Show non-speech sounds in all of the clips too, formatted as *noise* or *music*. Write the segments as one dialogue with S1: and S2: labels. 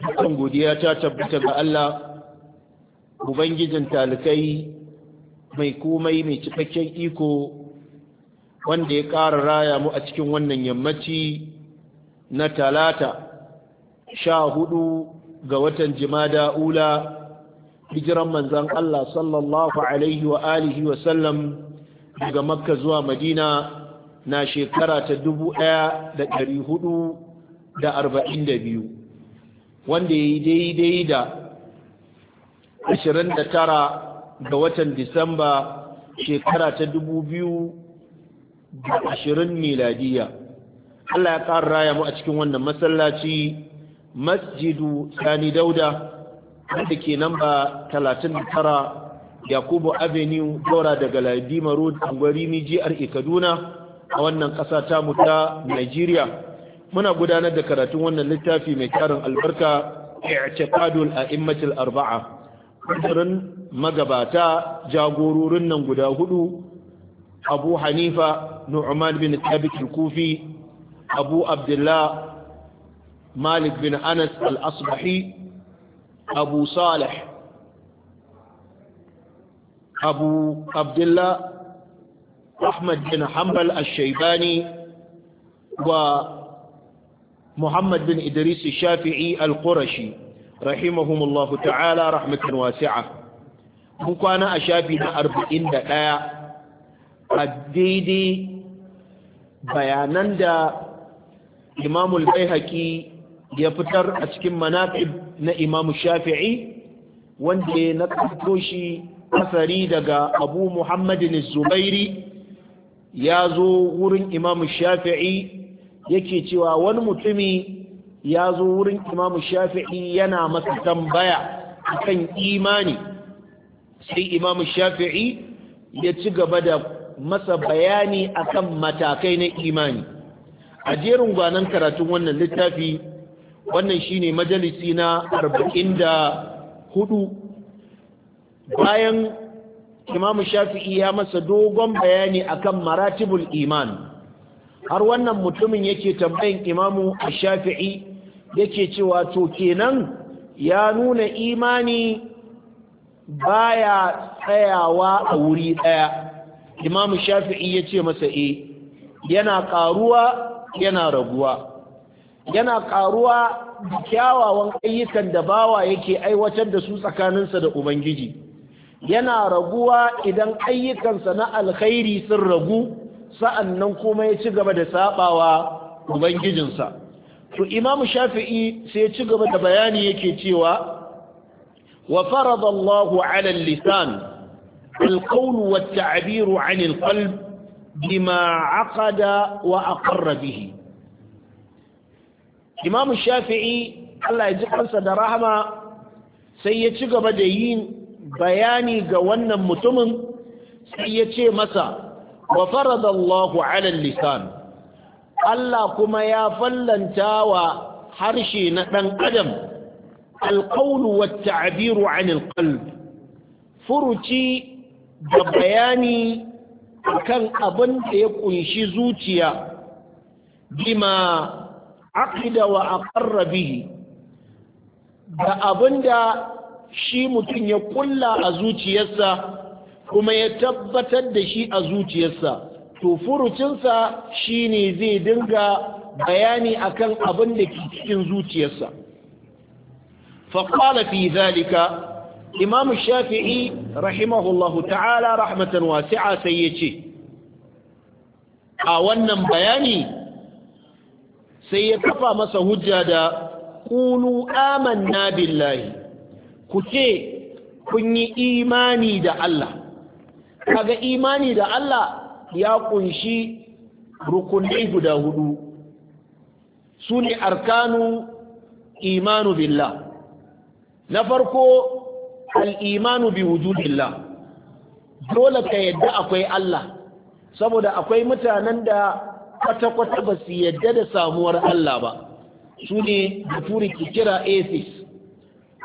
S1: dukkan godiya ta tabbata ga Allah ubangijin talikai mai komai mai cikakken iko wanda ya ƙara raya mu a cikin wannan yammaci na talata sha hudu ga watan jimada ula hijiran manzan Allah sallallahu alaihi wa alihi wa sallam daga makka zuwa madina na shekara ta dubu ɗaya da ɗari hudu da arba'in da biyu wanda ya yi daidai da
S2: 29
S1: ga watan disamba shekara ta 2020 miladiya Allah ya ƙara raya mu a cikin wannan masallaci masjidu sani dauda wanda ke namba 39 yakubu avenue dora daga ladima road angwari mijiyar kaduna a wannan ƙasa ta ta Najeriya. muna gudanar da karatun wannan littafi mai karin albarka i'tiqadul a'immatul arba'a kudurin magabata jagororin nan guda hudu Abu Hanifa Nu'man bin Thabit al-Kufi Abu Abdullah Malik bin Anas al-Asbahi Abu Salih Abu Abdullah Ahmad bin Hanbal al-Shaybani wa محمد بن إدريس الشافعي القرشي رحمهم الله تعالى رحمة واسعة مكوانا أشافينا أربعين دقاء الديدي بيانا دا إمام البيهكي يفتر أسكن مناقب نا إمام الشافعي وانده نتحكوشي أثري دقاء أبو محمد الزبيري يازو ورن إمام الشافعي yake cewa wani mutumi ya zo wurin imamu shafi'i yana masa tambaya akan imani sai imamu shafi'i ya ci gaba da masa bayani akan matakai na imani a jerin gwanon karatun wannan littafi wannan shine majalisi na hudu. bayan imamu shafi'i ya masa dogon bayani akan maratibul iman har wannan mutumin yake tambayin imamu a shafi'i yake cewa to kenan ya nuna imani baya tsayawa a wuri ɗaya imamu shafi'i ya ce masa e yana ƙaruwa yana raguwa yana ƙaruwa da kyawawan ayyukan da bawa yake aiwatar da su tsakaninsa da ubangiji yana raguwa idan ayyukansa na alkhairi sun ragu sa'an nan kuma ya ci gaba da sabawa ubangijinsa to imam shafi'i sai ya ci gaba da bayani yake cewa wa farada Allahu 'ala lisan al-qawl abiru at-ta'bir 'an al wa shafi'i Allah ya ji kansa da rahama sai ya ci gaba da yin bayani ga wannan mutumin sai ya ce masa wa farada Allahu ala lisan Allah kuma ya fallanta wa harshe na dan adam alqawlu wat ta'biru an alqalb furuci da bayani akan abin da ya kunshi zuciya bima aqida wa aqarra bihi da abinda shi mutum ya kulla a zuciyarsa kuma ya tabbatar da shi a zuciyarsa to furucinsa shine zai dinga bayani akan abin da ke cikin zuciyarsa faƙwala fi zalika imam shafi'i rahimahullahu ta'ala rahmatan wasi'a sai ya ce a wannan bayani sai ya kafa masa hujja da ƙulu amanna billahi ku ce kun yi imani da Allah kaga imani da Allah ya kunshi rukunai guda hudu su ne arkanu imanu billah na farko al'imanu bi wujudillah dole ka yadda akwai Allah saboda akwai mutanen da kwata-kwata ba su yadda da samuwar Allah ba su ne da turi kira atheist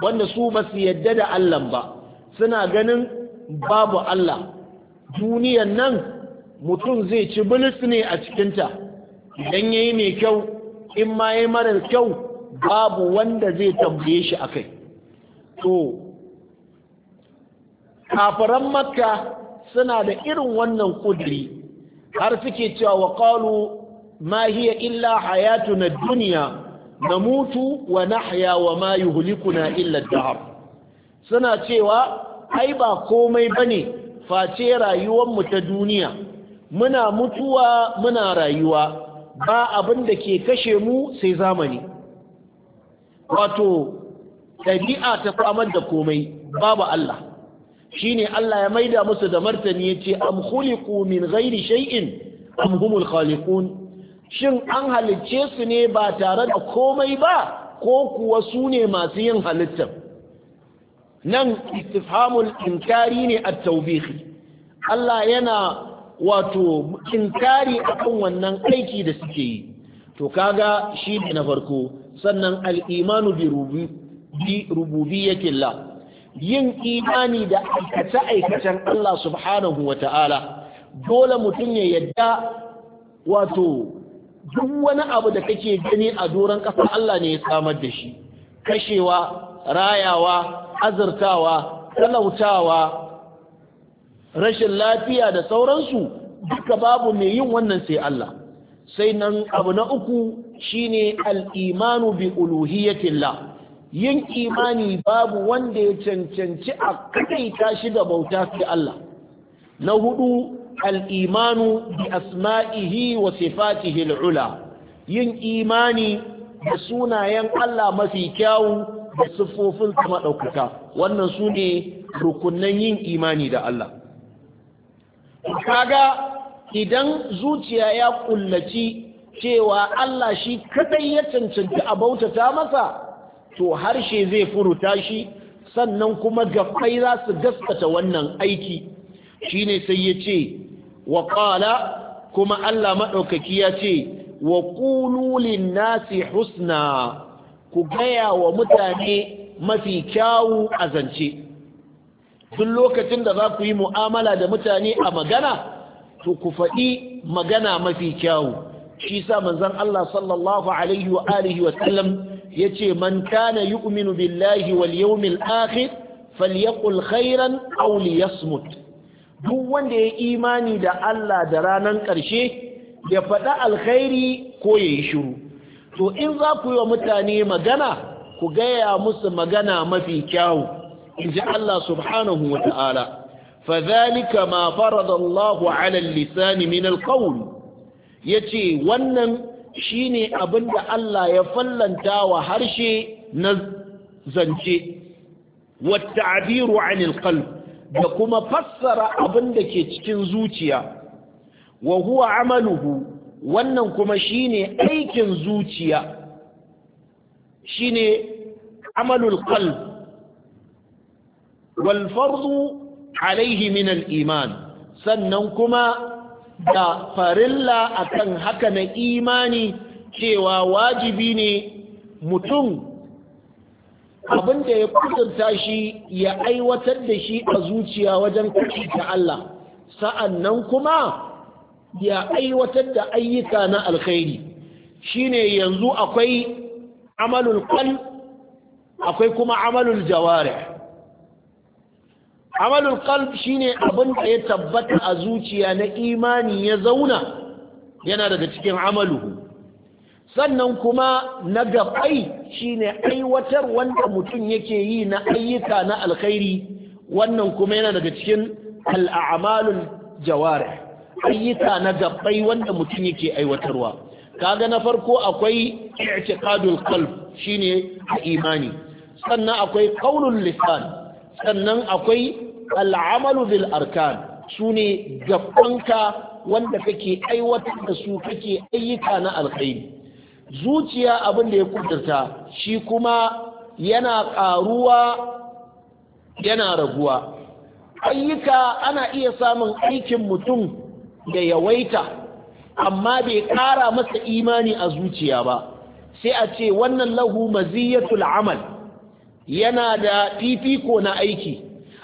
S1: wanda su ba su yadda da Allah ba suna ganin babu Allah duniyan nan mutum zai ci bilis ne a cikinta idan ya yi mai kyau in ma ya marar kyau babu wanda zai tambaye shi a kai to kafiran makka suna da irin wannan ƙudiri har suke cewa wa ƙalu ma hiya illa hayatu na duniya na mutu wa nahya wa ma yuhlikuna illa dahar suna cewa ai ba komai bane face rayuwar mu ta duniya muna mutuwa muna rayuwa ba abin da ke kashe mu sai zamani wato ɗabi'a ta samar da komai babu Allah shine Allah ya maida musu da martani yace am khuliqu min ghairi shay'in am humul khaliqun shin an halicce su ne ba tare da komai ba ko kuwa su ne masu yin halittar nan istifhamul inkari ne a taubihi Allah yana wato inkari akan wannan aiki da suke yi to kaga shi ne na farko sannan al'imanu bi rububi la. yin imani da aikace-aikacen Allah subhanahu wa ta'ala dole mutum ya yadda wato duk wani abu da kake gani a doron ƙasa Allah ne ya samar da shi kashewa rayawa azurtawa talautawa rashin lafiya da sauransu duka babu mai yin wannan sai Allah sai nan abu na uku shine alimanu bi bi uluhiyatillah yin imani babu wanda ya cancanci a kaita shi da bauta fi Allah na hudu al'imanu bi asma'ihi wa sifatihi al'ula yin imani da sunayen Allah mafi kyawu da siffofin sama ɗaukaka wannan su ne rukunan yin imani da Allah kaga idan zuciya ya kullaci cewa Allah shi kadai ya cancanci a bautata masa to harshe zai furuta shi sannan kuma gafai za su gaskata wannan aiki shine sai ya ce wa kuma Allah maɗaukaki ya ce wa ƙulu nasi husna ku gaya wa mutane mafi kyawu a zance duk lokacin da za ku yi mu'amala da mutane a magana to ku faɗi magana mafi kyawu shi sa manzon Allah sallallahu alaihi wa alihi wa sallam ce, man kana yu'minu billahi wal yawmil akhir falyaqul khairan aw liyasmut duk wanda ya imani da Allah da ranan ƙarshe ya faɗa alkhairi ko ya yi shiru to in za ku yi wa mutane magana ku gaya musu magana mafi kyawu in ji Allah subhanahu wa ta'ala fadhalika ma farada Allahu ala lisani kawun, ya yace wannan shine abinda Allah ya fallanta wa harshe na zance wa ta'biru an alqalb da kuma fassara abinda ke cikin zuciya wa huwa amaluhu wannan kuma shine aikin zuciya shine amalul qalb walfarzu alaihi min iman sannan kuma da farilla akan haka na imani cewa wajibi ne mutum abinda ya kudurta shi ya aiwatar da shi a zuciya wajen kashi ta Allah sa'annan kuma ya aiwatar da ayyuka na alkhairi shine yanzu akwai amalul qal akwai kuma amalul jawari amalul qal shine abin da ya tabbata a zuciya na imani ya zauna yana daga cikin amalu, sannan kuma na gabai shine aiwatar wanda mutum yake yi na ayyuka na alkhairi wannan kuma yana daga cikin al'amalul jawari ayyuka na gabbai wanda mutum yake aiwatarwa kaga na farko akwai i'tiqadul qalb shine imani sannan akwai qaulul lisan sannan akwai al'amalu bil arkan sune gabbanka wanda kake aiwatar da su kake ayyuka na alkhairi zuciya abin da ya kudurta shi kuma yana karuwa yana raguwa ayyuka ana iya samun aikin mutum da yawaita amma bai ƙara masa imani a zuciya ba sai a ce wannan lahu maziyatul amal yana da fifiko na aiki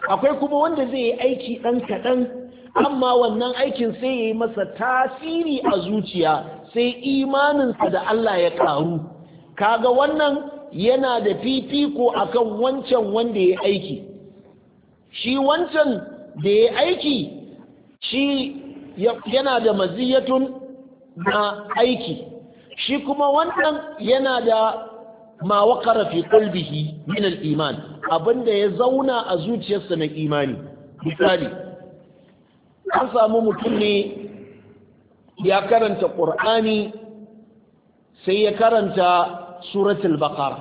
S1: akwai kuma wanda zai yi aiki ɗan kaɗan amma wannan aikin sai ya yi masa tasiri a zuciya sai imaninsa da Allah ya ƙaru kaga wannan yana da fifiko akan wancan wanda ya aiki shi wancan da ya aiki shi yana da maziyatun na aiki shi kuma wannan yana da ma waƙara fi ƙulbihi min al’iman abinda ya zauna a zuciyarsa na imani misali an samu mutum ne ya karanta ƙur'ani sai ya karanta suratul baqara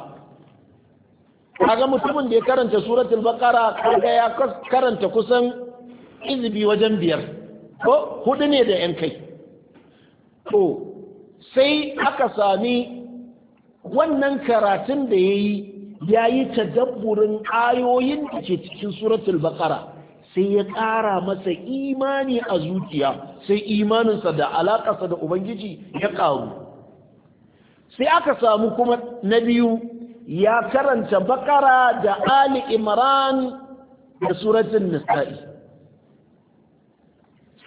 S1: ga mutumin da ya karanta suratul baqara kaga ya karanta kusan izbi wajen biyar ko hudu ne da yan kai to sai aka sami wannan karatun da ya yi ya yi tadabburin ayoyin da ke cikin suratul baqara sai ya ƙara masa imani a zuciya sai imaninsa da alaƙarsa da ubangiji ya ƙaru sai aka samu kuma na biyu ya karanta bakara da ali imran da suratun nisa'i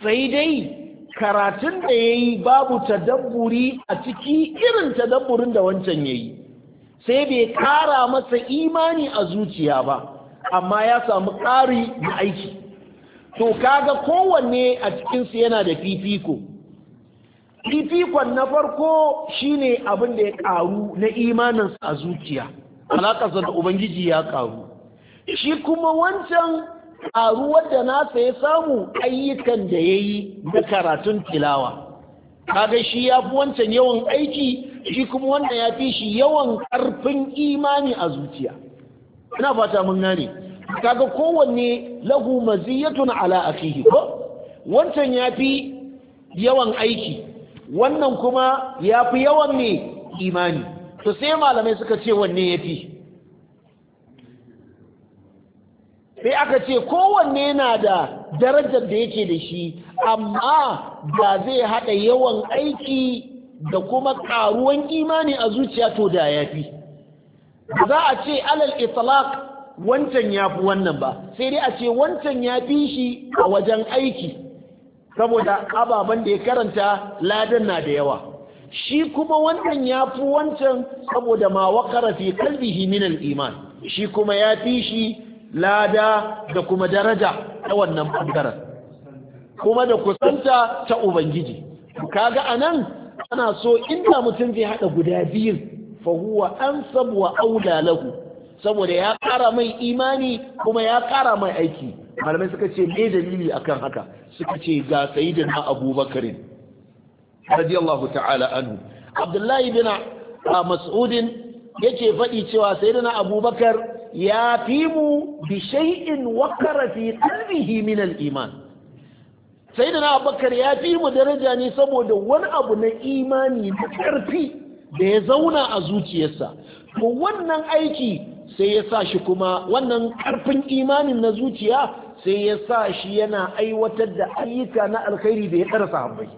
S1: sai dai karatun da ya yi babu tadabburi a ciki irin tadabburin da wancan ya yi sai bai kara masa imani a zuciya ba amma ya samu ƙari da aiki to kaga kowanne a cikinsu yana da fifiko fifikon na farko shine abin da ya ƙaru na imaninsa a zuciya alaƙarsa da ubangiji ya ƙaru shi kuma wancan ƙaruwar da nasa ya samu ayyukan da ya yi na karatun tilawa kaga shi ya fi wancan yawan aiki shi kuma wanda ya fi shi yawan ƙarfin imani a zuciya ina fata mun gane kaga kowanne lahu maziyatun ala akhihi ko wancan ya fi yawan aiki wannan kuma ya fi yawan ne imani to sai malamai suka ce wanne ya fi sai aka ce kowanne na da darajar da yake da shi amma da zai haɗa yawan aiki da kuma ƙaruwan imani a zuciya to da ya fi za a ce alal italak wancan ya fi wannan ba sai dai a ce wancan ya fi shi a wajen aiki saboda ababen da ya karanta ladan na da yawa shi kuma wannan ya fi wancan saboda ma wakara fi kalbihi min iman shi kuma ya fi shi lada da kuma daraja ta wannan ɓangaren kuma da kusanta ta ubangiji kaga anan ana so inda mutum zai haɗa guda biyun fahuwa an sabuwa aula lahu saboda ya ƙara mai imani kuma ya ƙara mai aiki malamai suka ce me dalili akan haka suka ce ga Na abubakarin radiyallahu ta'ala anhu abdullahi bin mas'udin yake faɗi cewa na abubakar ya fi mu bi shay'in wakara fi qalbihi min al-iman sayyidina abubakar ya fi mu daraja ne saboda wani abu na imani na karfi da ya zauna a zuciyarsa to wannan aiki sai ya sa shi kuma wannan ƙarfin imanin na zuciya sai ya sa shi yana aiwatar da ayyuka na alkhairi da ya darasa sahabbai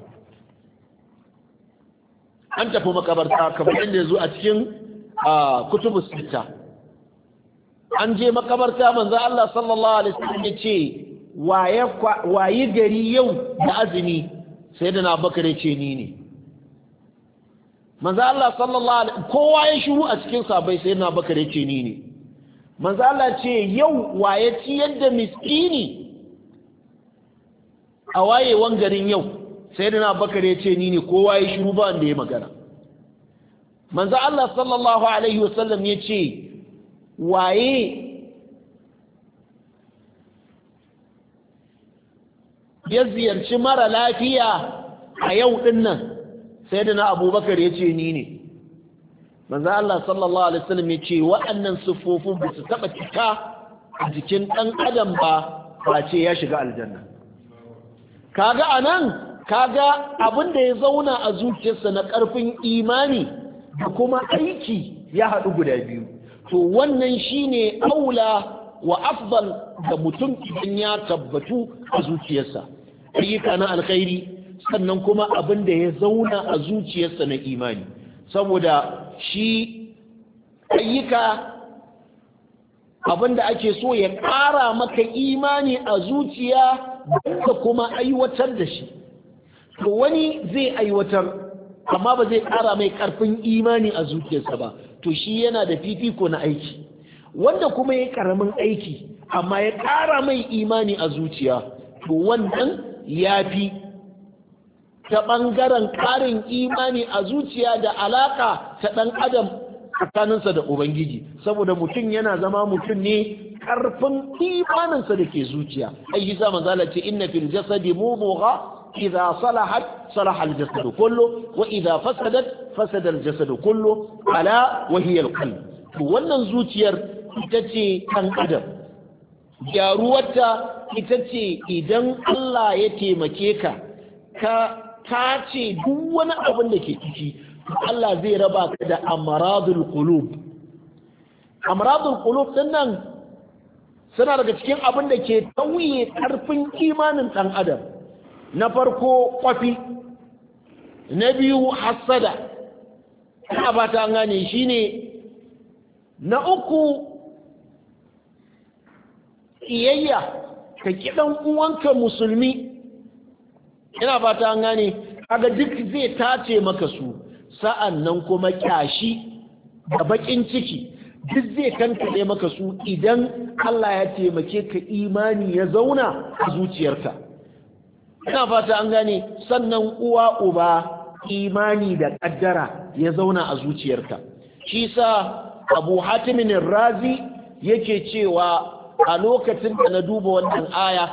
S1: an tafi makabarta kamar inda ya zo a cikin kutubu sita an je makabarta manzo Allah sallallahu alaihi wasallam ya ce waye gari yau da azumi sai da na bakare ce ni ne manzo Allah sallallahu alaihi kowa ya shiru a cikin sabai sai na bakare ce ni ne manzo Allah ce yau waye ci yadda miskini a wayewan garin yau sai da na bakare ce ni ne kowa ya shiru ba wanda ya magana manzo Allah sallallahu alaihi wasallam ya ce waye ya ziyarci mara lafiya a yau ɗin nan sai da na abubakar ya ce ni ne manzan Allah sallallahu alaihi wasallam ya ce waɗannan siffofin ba su taɓa cika a jikin ɗan adam ba ce ya shiga aljanna kaga anan kaga abin da ya zauna a zuciyarsa na ƙarfin imani da kuma aiki ya haɗu guda biyu to wannan shine aula wa afdal da mutum idan ya tabbatu a zuciyarsa ayyuka na alkhairi sannan kuma abin da ya zauna a zuciyarsa na imani saboda shi ayyuka abin da ake so ya ƙara maka imani a zuciya da kuma aiwatar da shi to wani zai aiwatar amma ba zai ƙara mai ƙarfin imani a zuciyarsa ba to shi yana da fifiko na aiki wanda kuma ya karamin aiki amma ya ƙara mai imani a zuciya to wannan ya fi ta ɓangaren ƙarin imani a zuciya da alaƙa ta ɗan adam tsakaninsa da ubangiji saboda mutum yana zama mutum ne ƙarfin imaninsa da ke zuciya ai yi manzala ce inna fil jasadi mubugha إذا صلحت صلح الجسد كله وإذا فسدت فسد الجسد كله ألا وهي القلب wannan zuciyar ita ce ɗan adam gyaruwarta ita ce idan Allah ya taimake ka ka tace duk wani abin da ke ciki Allah zai raba ka da amaradul qulub amradul qulub din nan suna daga cikin abin da ke tauye ƙarfin imanin ɗan adam na farko kwafi na biyu hassada ina ba ta gane shi ne na uku iyayya ka kiɗan uwanka musulmi ina ba ta gane kaga duk zai tace maka su sa'an nan kuma kyashi da bakin ciki duk zai kankare maka su idan Allah ya taimake ka imani ya zauna a zuciyarka ina fata an gane sannan uwa uba imani da kaddara ya zauna a zuciyarka shi sa abu hatimin razi yake cewa a lokacin da na duba wannan aya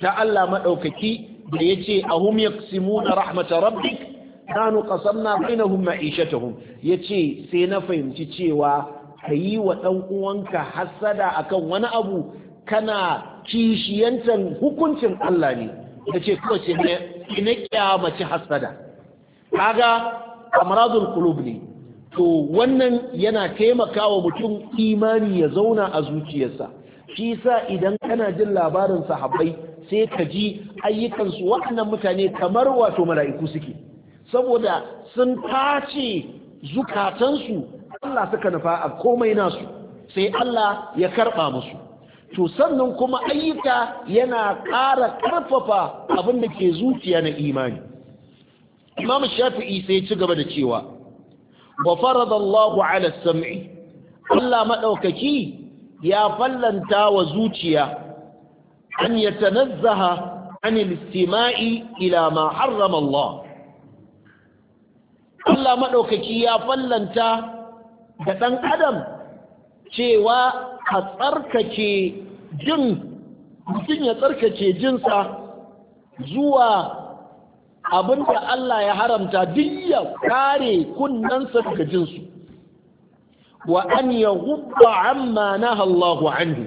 S1: ta Allah maɗaukaki da ya ce a hum ya simu na rahmatar rabbik kanu kasamna hum ma'ishatahum ya ce sai na fahimci cewa ka yi wa ɗan uwanka hasada akan wani abu kana kishiyancan hukuncin Allah ne da ce kawai ce ina kyamaci hasada kaga amradul qulub ne to wannan yana taimakawa mutum imani ya zauna a zuciyarsa shi sa idan kana jin labarin sahabbai sai ka ji ayyukansu waɗannan mutane kamar wato mala'iku suke saboda sun tace zukatansu Allah suka nufa a komai nasu sai Allah ya karɓa musu to sannan kuma ayyuka yana ƙara ƙarfafa abin da ke zuciya na imani imam shafi'i sai ci gaba da cewa wa faradallahu ala sam'i Allah madaukaki ya fallanta wa zuciya an yatanazzaha an al-istima'i ila ma harrama Allah Allah madaukaki ya fallanta da dan adam cewa a tsarkake jin mutum ya tsarkace jinsa zuwa abin da Allah ya haramta duk ya kare kunnansa daga jinsu wa an ya hubba amma na Allahu anhu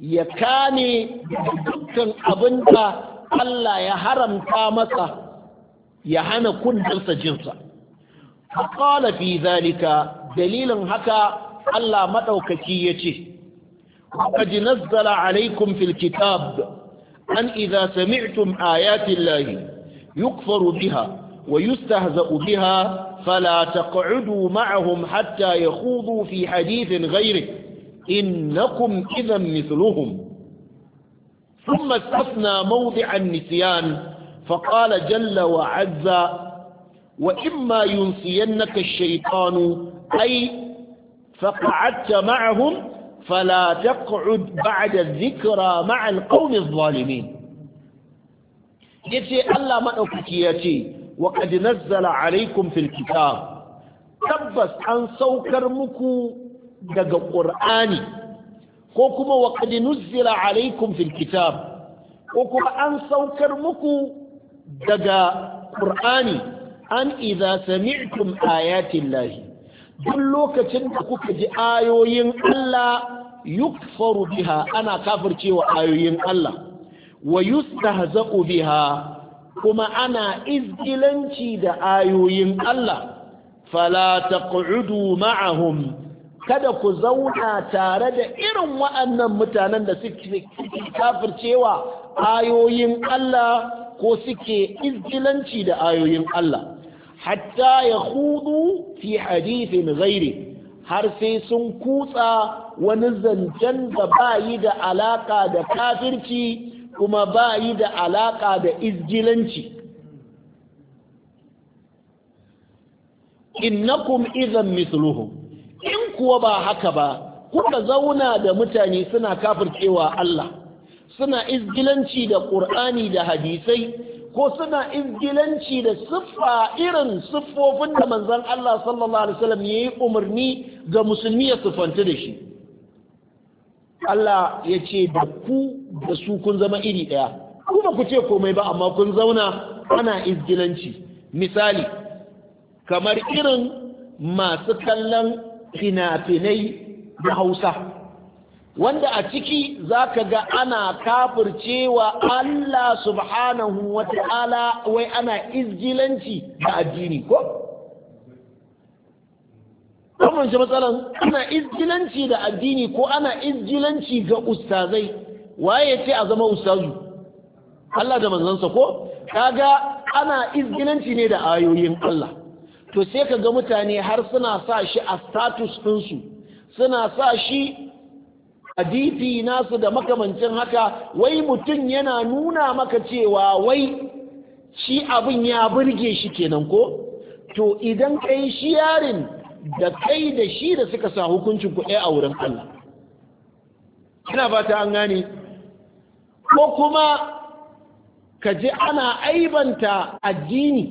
S1: ya kane dukkan abin da Allah ya haramta masa ya hana kunnansa jinsa a fi zalika dalilin haka Allah maɗaukaki ya ce قد نزل عليكم في الكتاب أن إذا سمعتم آيات الله يكفر بها ويستهزأ بها فلا تقعدوا معهم حتى يخوضوا في حديث غيره إنكم إذا مثلهم ثم استثنى موضع النسيان فقال جل وعز وإما ينسينك الشيطان أي فقعدت معهم فلا تقعد بعد الذكرى مع القوم الظالمين يتي الله ما أكتياتي وقد نزل عليكم في الكتاب تبس أن سوكر مكو دق قرآني كوكما وقد نزل عليكم في الكتاب كوكما أن سوكر مكو دق قرآني أن إذا سمعتم آيات الله duk lokacin da kuka ji ayoyin Allah yukfaru biha ana kafircewa ayoyin Allah wa yustahza'u biha kuma ana izgilanci da ayoyin Allah fala taq'udu ma'ahum kada ku zauna tare da irin waɗannan mutanen da suke kafircewa ayoyin Allah ko suke izgilanci da ayoyin Allah hatta ya hudu fi hadithin gairi har sai sun kutsa wani zancen da ba yi da alaka da kafirci kuma ba yi da alaka da izgilanci innakum izan misluhu in kuwa ba haka ba kuka zauna da mutane suna kafircewa Allah suna izgilanci da ƙur'ani da hadisai ko suna izgilanci da siffa irin siffofin da manzon Allah sallallahu alaihi wasallam yayi umarni ga musulmi ya siffanta da shi Allah ya ce da ku da su kun zama iri ɗaya kuma ku ce komai ba amma kun zauna ana izgilanci misali kamar irin masu kallon fina-finai da hausa wanda a ciki za ka ga ana kafircewa Allah subhanahu wa ta'ala wai ana izgilanci da addini ko? kamar shi matsalan ana izgilanci da addini ko ana izgilanci ga ustazai waye ce a zama ustazu Allah da manzansa ko? kaga ana izgilanci ne da ayoyin Allah to sai ka ga mutane har suna sa shi a status ɗinsu suna sa shi hadisi nasu da makamancin haka wai mutum yana nuna maka cewa wai shi abin ya burge shi kenan ko to idan kai shi yarin da kai da shi da suka sa hukuncin ku a wurin Allah ina fata an gane ko kuma ka je ana aibanta addini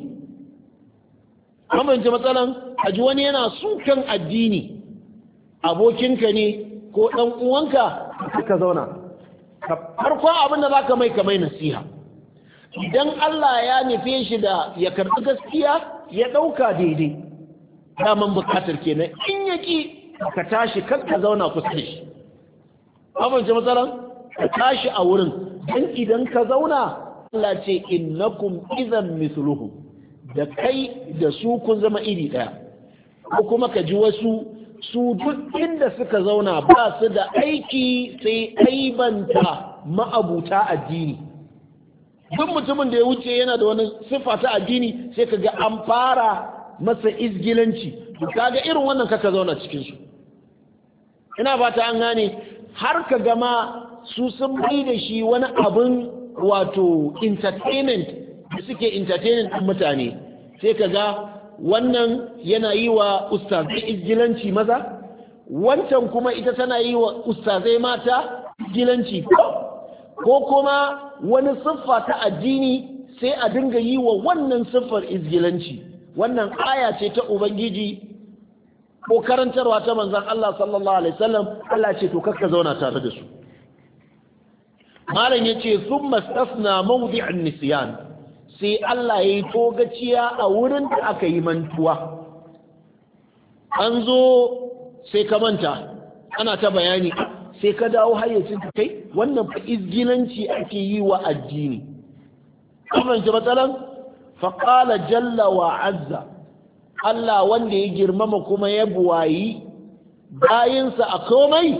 S1: kamar ji matsalan aji wani yana sukan addini abokinka ne ko ɗan uwanka ka zauna farkon abin da za ka mai kamai nasiha idan Allah ya nufe shi da ya karɓi gaskiya ya ɗauka daidai daman bukatar kenan in ya ƙi ka tashi kan ka zauna kusa da shi amince matsalan ka tashi a wurin Dan idan ka zauna Allah ce innakum izan misluhu da kai da su kun zama iri ɗaya ko kuma ka ji wasu su duk inda suka zauna ba su da aiki sai aibanta ma'abuta addini duk mutumin da ya wuce yana da wani siffa ta addini sai ka ga an fara masa izgilanci kaga irin wannan kaka zauna cikinsu ina ba ta an gane har ka gama su sun bai da shi wani abin wato entertainment da suke entertainment mutane sai ka ga wannan yana yi wa ustazai izgilanci maza wancan kuma ita tana yi wa ustazai mata izgilanci ko kuma wani siffa ta addini sai a dinga yi wa wannan siffar izgilanci wannan aya ce ta ubangiji ko karantarwa ta manzan Allah sallallahu alaihi wasallam Allah ce to kakka zauna tare da su malam ya sun thumma na mawdi'an nisiyani sai Allah ya yi togaciya a wurin da aka yi mantuwa an zo sai ka manta ana ta bayani sai ka dawo hayyacin kai wannan fa izginanci ake yi wa addini kamanci matsalan faƙala jalla wa azza Allah wanda ya girmama kuma ya buwayi bayansa a komai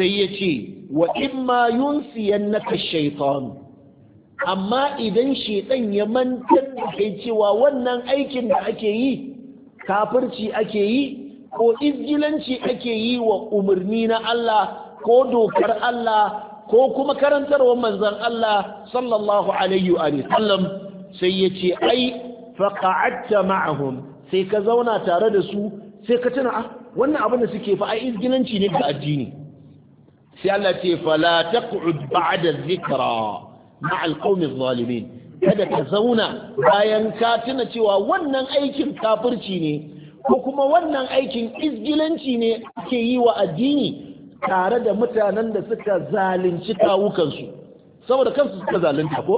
S1: sai ya ce wa imma yannaka shaitanu amma idan shedan ya mantar da kai cewa wannan aikin da ake yi kafirci ake yi ko izgilanci ake yi wa umarni na Allah ko dokar Allah ko kuma karantarwar manzon Allah sallallahu alaihi wa sallam sai ya ce ai faqa'atta ma'ahum sai ka zauna tare da su sai ka tuna ah wannan abin da suke fa ai izgilanci ne ga addini sai Allah ce fala taq'ud ba'da dhikra مع القوم الظالمين kada ka zauna bayan ka tuna cewa wannan aikin kafirci ne ko kuma wannan aikin izgilanci ne ake yi wa addini tare da mutanen da suka zalunci kawukansu saboda kansu suka zalunta ko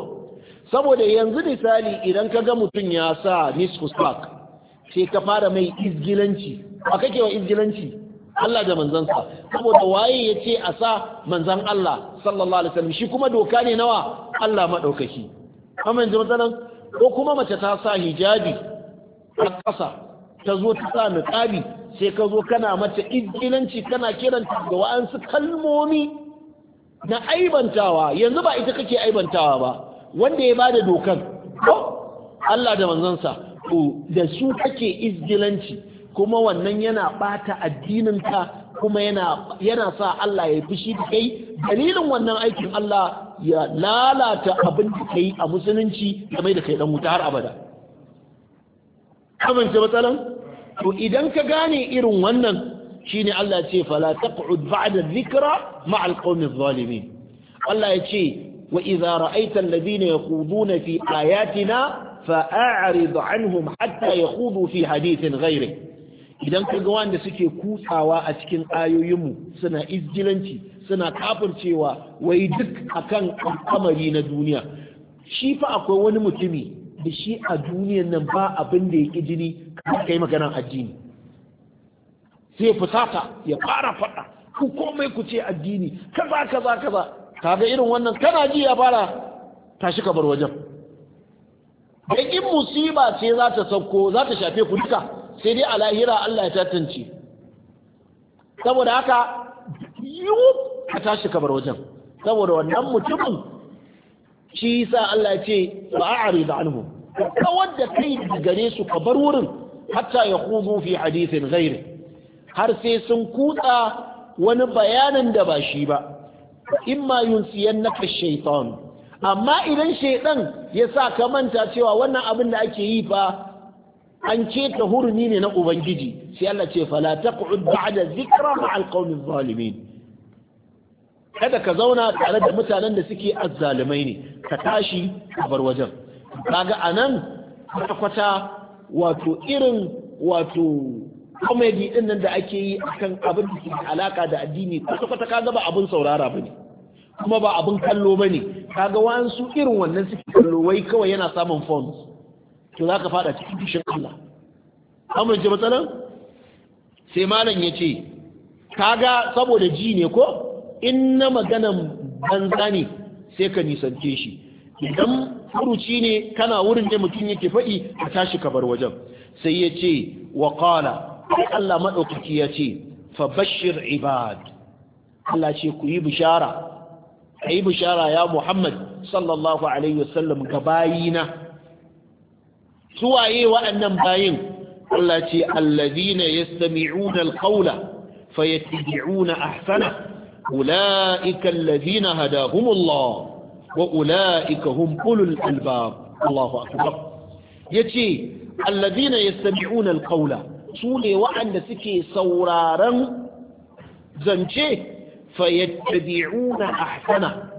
S1: saboda yanzu misali idan ka ga mutum ya sa nisfu sai ka fara mai izgilanci a kake wa izgilanci Allah da manzansa saboda waye ya ce a sa manzan Allah sallallahu alaihi wasallam shi kuma doka ne nawa Allah maɗaukaki amma yanzu matsalan ko kuma mace ta sa hijabi a ƙasa ta zo ta sa niqabi sai ka zo kana mata izgilanci kana kiranta ga wa'ansu kalmomi na aibantawa yanzu ba ita kake aibantawa ba wanda ya bada dokan Allah da manzansa to da su kake izgilanci kuma wannan yana bata addininka kuma yana yana sa Allah ya fushi da kai dalilin wannan aikin Allah ya lalata abin da kai a musulunci ya mai da kai dan wuta har abada kamance matsalan to idan ka gane irin wannan shine Allah ce fala taq'ud ba'da dhikra ma'a alqawmi adh-dhalimin Allah ya ce wa idza ra'aita alladhina yakhuduna fi ayatina fa'arid anhum hatta yakhudu fi hadithin ghayrih idan ka ga wanda suke kutsawa a cikin ayoyinmu suna izgilanci suna kafircewa wai duk akan kamari na duniya shi fa akwai wani mutumi da shi a duniyan nan ba abin da ya ƙi jini kai maganar addini sai fusata ya fara faɗa ku komai ku ce addini kaza kaza kaza kaga irin wannan kana ji ya fara tashi kabar wajen da in musiba ce za ta sauko za ta shafe ku duka sai dai a lahira Allah ya tantance saboda haka yiwu ka tashi kabar wajen saboda wannan mutumin shi sa Allah ya ce ba a ari da anhu kawar da kai gare su ka bar wurin hatta ya kuzo fi hadisin gairi har sai sun kutsa wani bayanin da ba shi ba imma yunsiyannaka shaytan amma idan shaydan ya sa ka manta cewa wannan abin da ake yi fa an ce ta hurumi ne na ubangiji sai Allah ce fala taq'ud ba'da zikra ma'al qawmi zalimin kada ka zauna tare da mutanen da suke azzalumai ne ka tashi a bar wajen kaga anan kwata kwata wato irin wato comedy din nan da ake yi akan abin da ke alaka da addini kwata kwata kaga ba abin saurara bane kuma ba abin kallo bane kaga wasu irin wannan suke kallo wai kawai yana samun funds to za ka fada cikin fushin Allah amma ji matsalan sai malam ya ce kaga saboda ji ne ko in na maganan banza ne sai ka nisance shi idan furuci ne kana wurin da mutum yake faɗi ka tashi ka bar wajen sai ya ce wa qala Allah madaukaki ya ce fa bashir ibad Allah ce ku yi bishara ayi bishara ya Muhammad sallallahu alaihi wasallam ga bayina suwaye waɗannan bayin Allah ce allazina yastami'una alqawla fayattabi'una ahsana ulaika allazina hadahumullah wa ulaika hum ulul albab Allahu akbar yace allazina yastami'una alqawla sune waɗanda suke sauraron zance fayattabi'una ahsana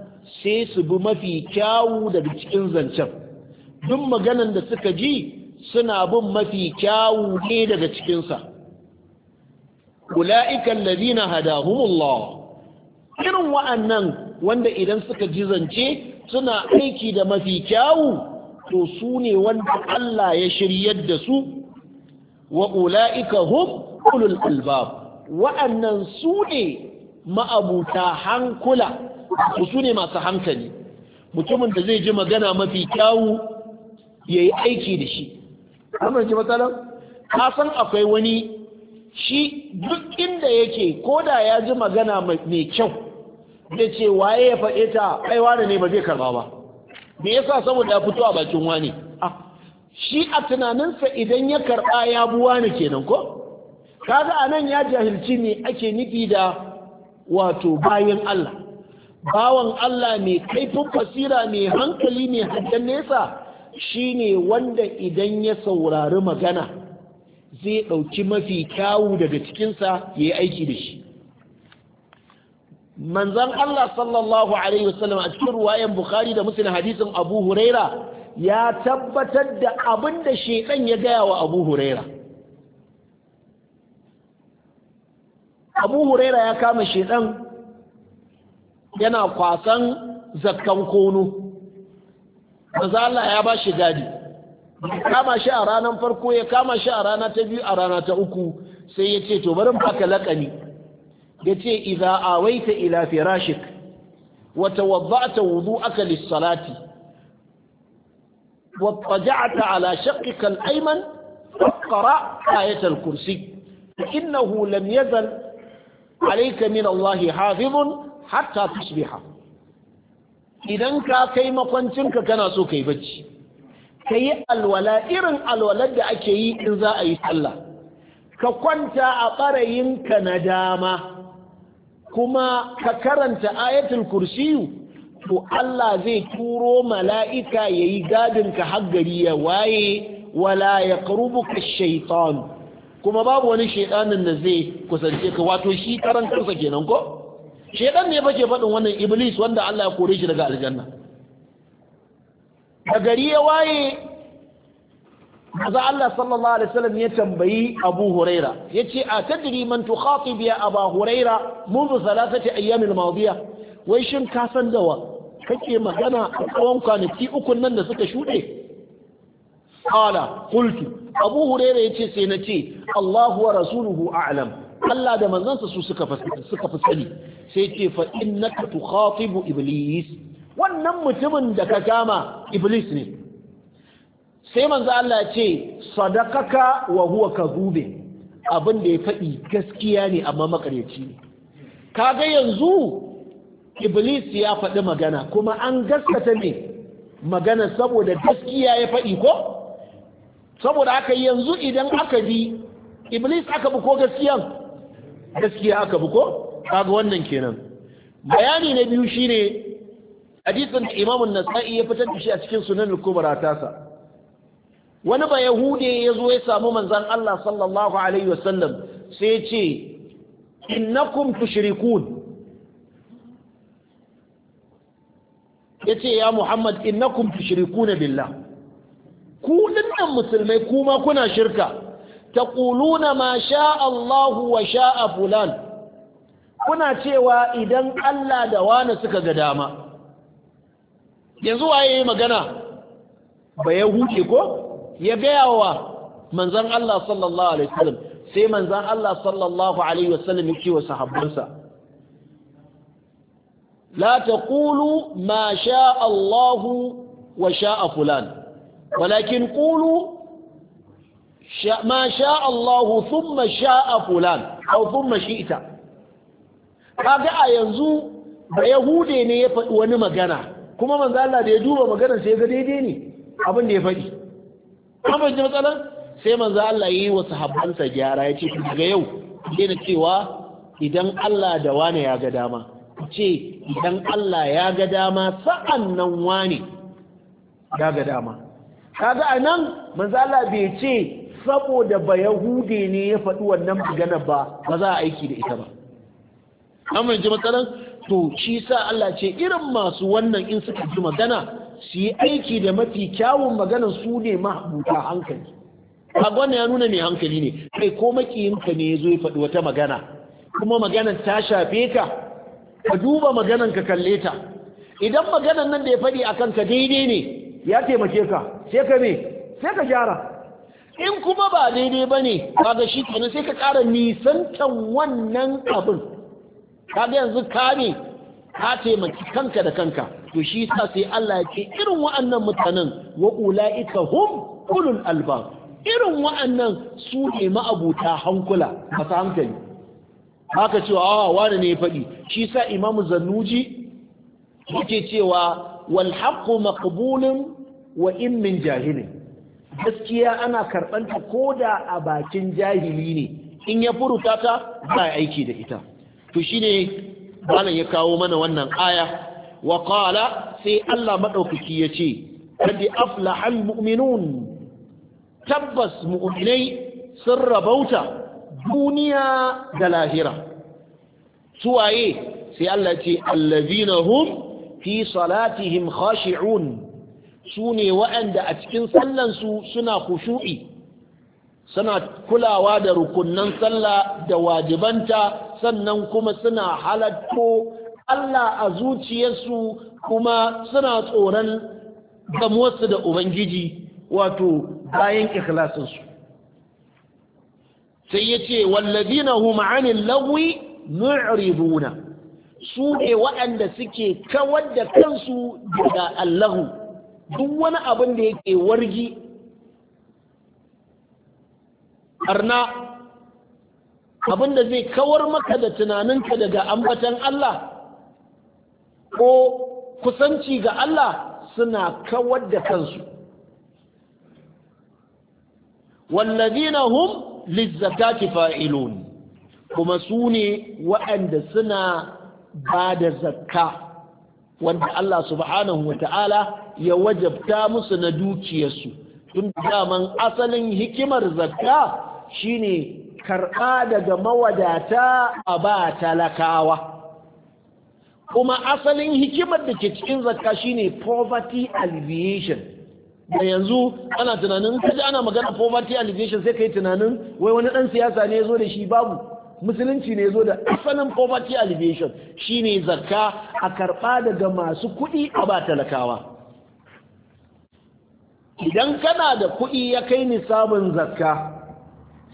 S1: sai su bi mafi kyawu daga cikin zancen duk maganan da suka ji suna bin mafi kyawu ne daga cikinsa ula'ikan ladina hadahumullah irin wa'annan wanda idan suka ji zance suna aiki da mafi kyawu to su ne wanda Allah ya shiryar da su wa ula'ika hum albab wa'annan su ne ma'abuta hankula su ne masu hankali mutumin da zai ji magana mafi kyawu ya yi aiki da shi amma ki matsala ka san akwai wani shi duk inda yake ko da ya ji magana mai kyau da ce waye ya faɗe ta aiwa da ne ba zai karba ba me yasa saboda ya fito a bakin wani shi a tunaninsa idan ya karɓa ya buwa ne kenan ko kaga anan ya jahilci ne ake nufi da wato bayan Allah bawan Allah mai kaifin fasira mai hankali mai haddan nesa shine wanda idan ya saurari magana zai ɗauki mafi kyawu daga cikinsa ya yi aiki da shi manzan Allah sallallahu Alaihi wasallam a cikin ruwayan Bukhari da musulun hadisin Abu Huraira ya tabbatar da abin da shekan ya gaya wa Abu Huraira. Abu Huraira ya kama shekan yana kwasan zakkan kono. manzo Allah ya ba shi gadi kama shi a ranar farko ya kama shi a rana ta biyu a rana ta uku sai ya ce to barin baka laƙani ya ce idza awaita ila firashik wa tawadda'ta wudu'aka lis-salati wa taja'ta ala shaqqika al-ayman faqra ayat al-kursi innahu lam yazal alayka min Allah hafizun hatta tusbiha idan ka kai makwancinka kana so ka yi bacci ka yi alwala irin alwalar da ake yi in za a yi sallah ka kwanta a ɓarayinka na dama kuma ka karanta ayatul kursiyu to Allah zai turo mala'ika ya yi gadinka haggari ya waye wala ya karubuka shaitan kuma babu wani shaitanin da zai kusance ka wato shi karan kansa kenan ko? Sheɗan ne bake faɗin wannan iblis wanda Allah ya kore shi daga aljanna da gari ya waye maza Allah sallallahu alaihi wasallam ya tambayi Abu Huraira yace a tadri man tukhatib ya Abu Huraira منذ ثلاثه ايام الماضيه wai shin ka san wa kake magana a tsawon kwanaki ukun nan da suka shuɗe qala qultu Abu Huraira yace sai na ce Allahu wa rasuluhu a'lam Allah da manzansa su suka suka fi sani sai ce fa innaka tukhatibu iblis wannan mutumin da ka kama iblis ne sai manzo Allah ya ce sadakaka wa huwa kadhubin abin da ya faɗi gaskiya ne amma makareci ne kaga yanzu iblis ya faɗi magana kuma an gaskata ne magana saboda gaskiya ya faɗi ko saboda haka yanzu idan aka bi iblis aka bi ko gaskiyan gaskiya aka bi ko kaga wannan kenan bayani na biyu shine hadisin da Imam an-Nasa'i ya fitar da shi a cikin Sunan al-Kubra sa wani ba Yahude ya zo ya samu manzon Allah sallallahu alaihi wasallam sai ya ce innakum tushrikun yace ya Muhammad innakum tushrikuna billah ku dinnan musulmai kuma kuna shirka taquluna ma sha'a Allahu wa sha'a fulan kuna cewa idan Allah da wani suka ga dama yanzu waye magana ba ya huce ko ya gaya wa manzon Allah sallallahu alaihi wasallam sai manzon Allah sallallahu alaihi wasallam yake wa sahabbansa la taqulu ma sha'a Allahu wa sha'a fulan walakin qulu ma sha Allahu thumma a fulan aw ita. shi'ta kaga a yanzu ba yahude ne ya faɗi wani magana kuma Manzala da ya duba maganar sai ga daidai ne abin da ya faɗi amma ji matsalan sai manza Allah yi wa sahabbansa gyara ya ce daga yau daina cewa idan Allah da wani ya ga dama ce idan Allah ya ga dama sa'an nan wani ya ga dama kaga a nan Allah bai ce saboda ba yahude ne ya faɗi wannan magana ba ba za a aiki da ita ba amma ji matsalan to shi sa Allah ce irin masu wannan in suka ji magana su yi aiki da mafi kyawun magana su ne mahabuta hankali wannan ya nuna mai hankali ne kai ko makiyinka ne ya zo ya faɗi wata magana kuma maganar ta shafe ka ka duba maganan ka kalle ta idan maganan nan da ya faɗi a kanka daidai ne ya
S2: taimake ka sai ka me
S1: sai ka gyara in kuma ba daidai ba ne kaga shi kenan sai ka ƙara nisantan wannan abin kaga yanzu ka ne ka taimaki kanka da kanka to shi sa sai Allah ya ce irin wa'annan mutanen wa ula'ika hum ulul albab irin wa'annan su ne ma'abuta hankula kasa hankali haka cewa awa ah, wani ne ya faɗi shi sa imamu zannuji yake cewa wal haqqu maqbulun wa in min jahilin gaskiya ana karɓanta ko da a bakin jahili ne in ya furuta ta ba aiki da ita to shine malam ya kawo mana wannan aya wa qala sai Allah madaukaki yace kadi aflaha muminun tabbas mu'minai sun rabauta duniya da lahira suwaye sai Allah ce allazina hum fi salatihim khashi'un su ne waɗanda a cikin sallansu suna kushu'i suna kulawa da rukunan sallah da wajibanta sannan kuma suna halatto Allah a zuciyarsu kuma suna tsoron gamuwarsu da Ubangiji wato bayan ikhlasinsu sai ya ce wallazina hum anil lagwi mu'ribuna su ne waɗanda suke kawar da kansu daga allahu duk wani abin da yake wargi arna abin da zai kawar maka da tunaninka daga ambatan Allah ko kusanci ga Allah suna kawar da kansu wallazina hum lizzakati fa'ilun kuma su ne waɗanda suna ba da zakka wanda Allah subhanahu wa ta'ala ya wajabta musu na dukiyarsu tun daman asalin hikimar zakka shine karɓa daga mawadata a ba talakawa kuma asalin hikimar da ke cikin zakka shine poverty alleviation da yanzu ana tunanin kaji ana magana poverty alleviation sai yi tunanin wai wani dan siyasa ne ya zo da shi babu musulunci ne zo da asalin poverty alleviation shine zakka a karɓa daga masu kuɗi a ba talakawa idan kana da kuɗi ya kai nisabin zakka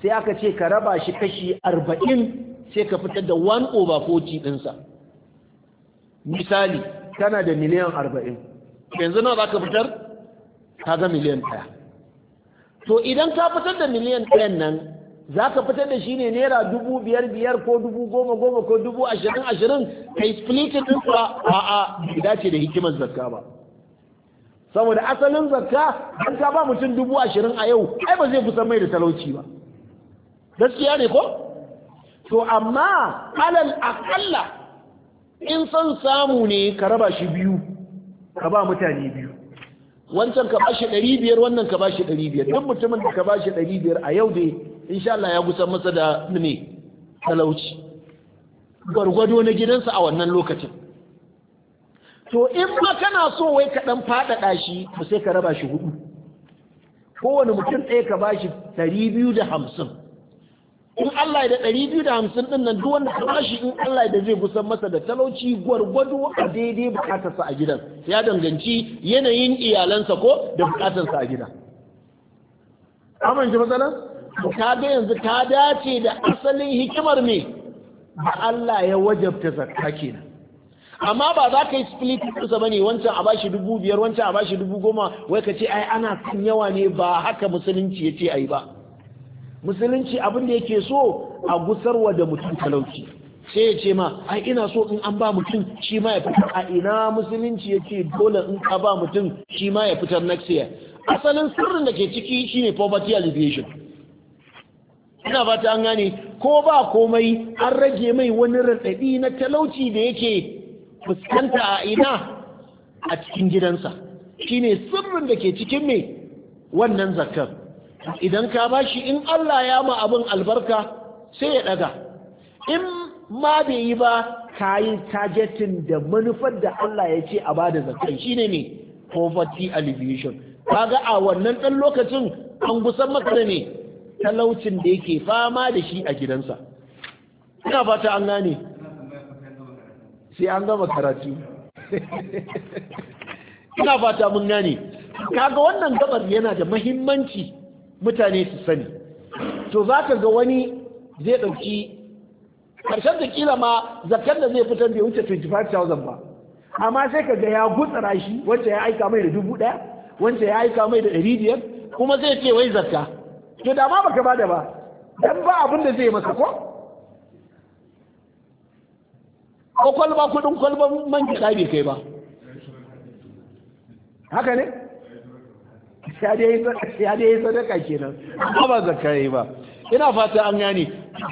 S1: sai aka ce ka raba shi kashi arba'in sai ka fitar da 1 over 40 ɗinsa misali kana da miliyan arba'in yanzu nawa za ka fitar? ka ga miliyan ɗaya to idan ka fitar da miliyan ɗayan nan za ka fitar da shi ne naira dubu biyar biyar ko dubu goma goma ko dubu ashirin ashirin ka yi splitin ɗin ba a a bai dace da hikimar zakka ba saboda asalin zakka an ka ba mutum dubu ashirin a yau ai ba zai fi san mai da talauci ba gaskiya ne ko to amma alal akalla in san samu ne ka raba shi biyu ka ba mutane biyu wancan ka ba shi ɗari biyar wannan ka ba shi ɗari biyar duk mutumin da ka ba shi ɗari biyar a yau dai insha Allah ya gusa masa da ne talauci gwargwado na gidansa a wannan lokacin to in ma kana so wai ka dan faɗaɗa shi to sai ka raba shi hudu kowane mutum ɗaya ka ba shi ɗari biyu da hamsin in Allah da da hamsin din nan duk wanda ka ba shi in Allah da zai gusan masa da talauci gwargwado a daidai bukatarsa a gidan ya danganci yanayin iyalansa ko da bukatarsa a gidan amince matsalar ka yanzu ta dace da asalin hikimar me ba Allah ya wajabta zakka kenan amma ba za ka yi split kusa bane wancan a bashi dubu biyar wancan a bashi dubu goma wai ka ce ai ana kan yawa ne ba haka musulunci ya ce ai ba musulunci abin da yake so a gusarwa da mutum talauci sai ya ce ma ai ina so in an ba mutum shi ma ya fitar a ina musulunci ya ce dole in ka ba mutum shi ma ya fitar next year asalin sirrin da ke ciki shine poverty alleviation ina ba ta an gane ko ba komai an rage mai wani raɗaɗi na talauci da yake fuskanta a ina a cikin gidansa Shi ne sirrin da ke cikin mai wannan zakar idan ka bashi in Allah ya ma abin albarka sai ya ɗaga in ma bai yi ba ka yi targetin da manufar da Allah ya ce a ba da zakar shi ne poverty alleviation kaga a wannan ɗan lokacin an gusan maka ne talaucin da yake fama da shi a gidansa ina fata an gane sai an gama karatu ina fata mun gane kaga wannan gabar yana da mahimmanci mutane su sani to za ka ga wani zai ɗauki ƙarshen da ƙila ma zakar da zai fitar ya wuce 25,000 ba amma sai ka ga ya gutsara shi wanda ya aika mai da dubu ɗaya wanda ya aika mai da ɗari biyar kuma zai ce wai zakka to da ma baka bada ba dan ba abin da zai maka ko ko kwalba kudin kwalban man gida bai kai ba haka ne ya dai sadaka kenan amma ba yi ba ina fata an gane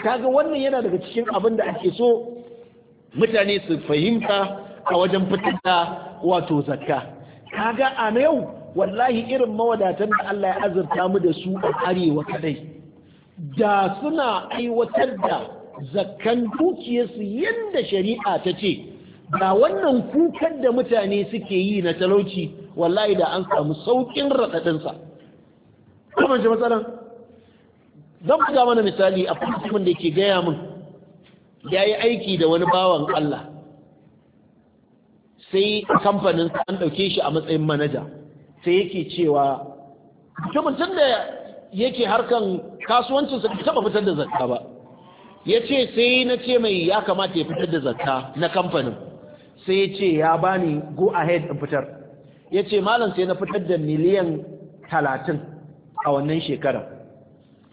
S1: kaga wannan yana daga cikin abin da ake so mutane su fahimta a wajen fitar da wato zakka kaga a yau wallahi irin mawadatan da Allah ya azurta mu da su a arewa kadai da suna aiwatar da zakkan dukiyarsu yadda shari'a ta ce da wannan kukar da mutane suke yi na talauci wallahi da an samu saukin raɗaɗinsa kamar shi matsalan zan buga mana misali a mutumin da ke gaya min ya yi aiki da wani bawan Allah sai kamfanin an ɗauke shi a matsayin manaja sai yake cewa mutumin tun da yake harkan kasuwancinsa bai taɓa fitar da zakka ba ya ce sai na ce mai ya kamata ya fitar da zakka na kamfanin sai ya ce ya bani go ahead in fitar ya ce malam sai na fitar da miliyan talatin a wannan shekara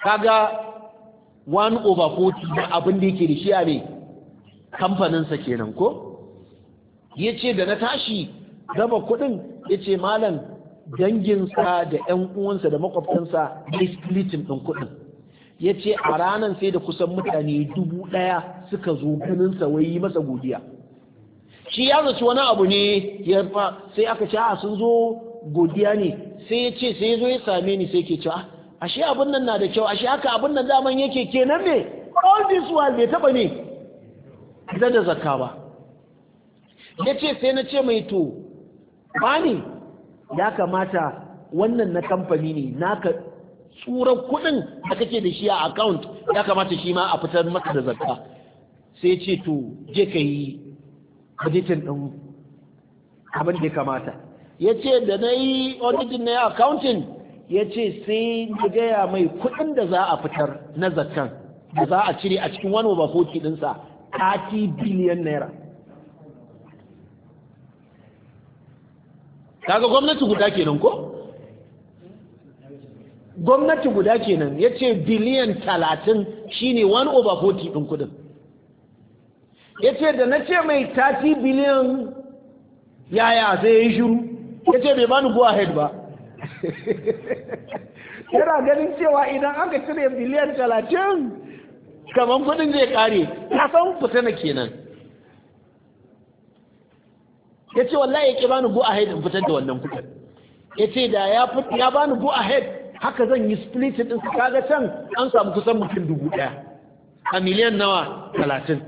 S1: kaga 1 over 40 da abin da yake da shi a ne kamfaninsa kenan ko ya ce da na tashi gaba kudin ya ce malam danginsa da 'yan uwansa da makwabtansa da splitting ɗin kuɗin ya ce a ranar sai da kusan mutane dubu ɗaya suka zo ganinsa wai yi masa godiya shi ya zaci wani abu ne ya fa sai aka ce a sun zo godiya ne sai ya ce sai ya zo ya same ni sai ke cewa ah, ashe abin nan na da kyau ashe haka abin nan zaman yake kenan ne all this while bai taba ne da da zakka ba ya ce sai na ce mai to bani ya kamata wannan na kamfani ne naka tsuran kuɗin da kake da shi a account ya kamata shi ma a fitar masa da zakka sai ce to je ka yi auditin ɗin abin da ya kamata ya ce da na yi auditing na accounting ya ce sai na gaya mai kuɗin da za a fitar na zakkan da za a cire a cikin wani over ɗinsa 30 biliyan naira kaga gwamnati guda kenan ko gwamnati guda kenan ya ce biliyan talatin shine 1 over 40 ɗin kudin ya ce da na ce mai tati biliyan yaya sai ya yi shiru ya ce bai bani go ahead ba *laughs* yana ganin cewa idan aka cire biliyan talatin kamar kudin zai kare kasan fitana kenan ya ce wallahi ya ke bani go ahead in fitar da wannan kuɗin ya ce da ya bani go ahead haka zan yi split din su kaga can an samu kusan mutum dubu ɗaya a miliyan nawa talatin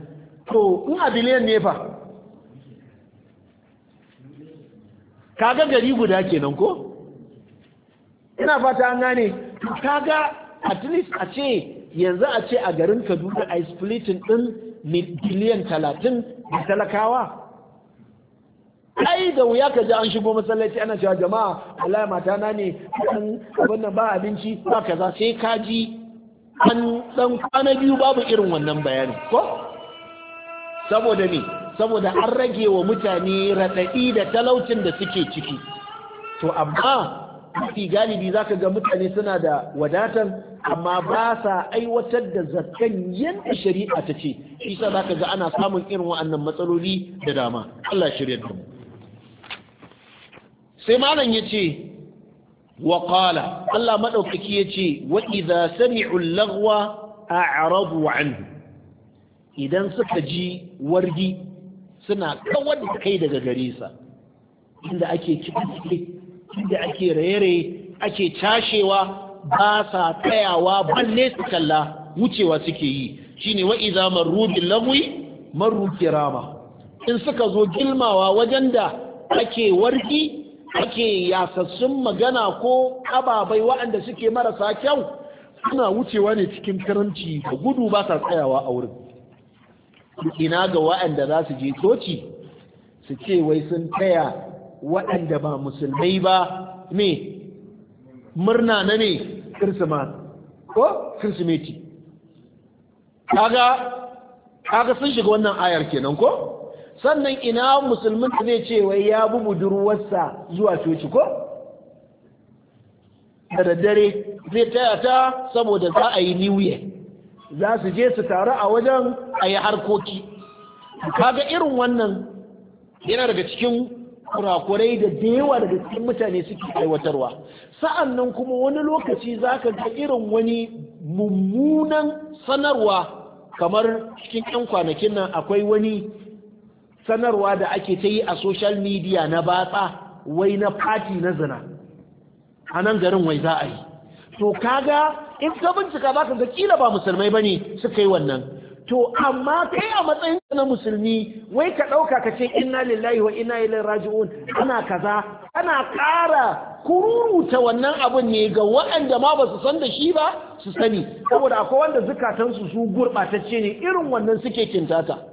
S1: to in a biliyan ne fa kaga gari guda kenan ko ina fata an gane kaga at least a ce yanzu a ce a garin kaduna a yi splitting din miliyan talatin da talakawa ai da wuya ka ji an shigo masallaci ana cewa jama'a wallahi mata na ne an abin ba abinci ba kaza sai ka ji an dan kwana biyu babu irin wannan bayani ko saboda ne saboda an rage wa mutane raɗaɗi da talaucin da suke ciki to amma mafi galibi zaka ga mutane suna da wadatar amma ba sa aiwatar da zaton yadda shari'a ta ce shi sa zaka ga ana samun irin wa'annan matsaloli da dama Allah shirya da mu sai malam ya ce wa qala Allah maɗaukaki ya ce wa idza sami'u lagwa wa anhu idan suka ji wargi suna kawar da kai daga gare sa inda ake kiɗe inda ake raye-raye ake cashewa ba sa tayawa balle su kalla wucewa suke yi shine wa idza marru bil lagwi marru kirama in suka zo gilmawa wajen da ake wargi ake yasassun magana ko ababai waɗanda suke marasa kyau suna wucewa ne cikin karanci da gudu ba sa tsayawa a wurin ina ga waɗanda za su je coci su ce wai sun taya waɗanda ba musulmai ba ne murna na ne kirsima ko kirsimeti kaga kaga sun shiga wannan ayar kenan ko sannan ina musulmin da zai ce wai ya bi budurwarsa zuwa coci ko da daddare zai taya ta saboda za a yi new year za su je su taru a wajen a yi harkoki kaga irin wannan yana daga cikin kurakurai da yawa daga cikin mutane suke aiwatarwa sa'an nan kuma wani lokaci za ka ga irin wani mummunan sanarwa kamar cikin 'yan kwanakin nan akwai wani sanarwa da ake ta yi a social media na batsa wai na fati na zina a nan garin wai za a yi to kaga in ka bincika za ka ga kila ba musulmai ba ne suka yi wannan to amma kai a matsayin na musulmi wai ka ɗauka ka ce inna lillahi wa inna ilaihi raji'un ana kaza ana ƙara kururuta wannan abun ne ga waɗanda ma ba su san da shi ba su sani saboda akwai wanda zukatansu su gurɓatacce ne irin wannan suke kintata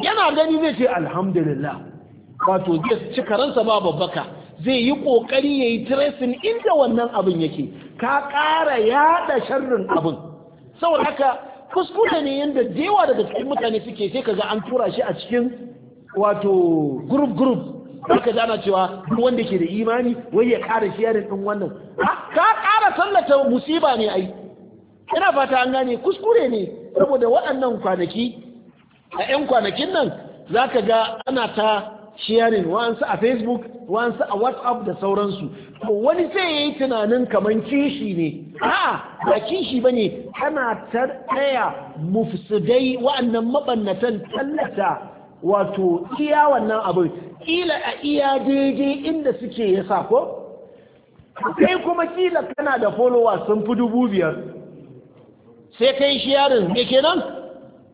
S1: yana gani zai ce alhamdulillah wato jiya ci karansa ba babbaka zai yi kokari ya yi tracing inda wannan abin yake ka ƙara yaɗa sharrin abin saboda haka kuskure ne yadda dewa daga cikin mutane suke sai kaga an tura shi a cikin wato group group aka ji ana cewa duk wanda ke da imani wai ya ƙara sharing din wannan ka ƙara sallata musiba ne ai ina fata an gane kuskure ne saboda waɗannan kwanaki a 'yan kwanakin nan za ka ga ana ta sharing wansu a facebook wansu a whatsapp da sauransu wani sai ya yi tunanin kamar kishi ne a ba kishi ba ne ana ta mufsidai wa'annan mabannatan tallata wato iya wannan abin kila a iya daidai inda suke ya ko sai kuma kila kana da followers sun fi dubu biyar sai kai sharing ne kenan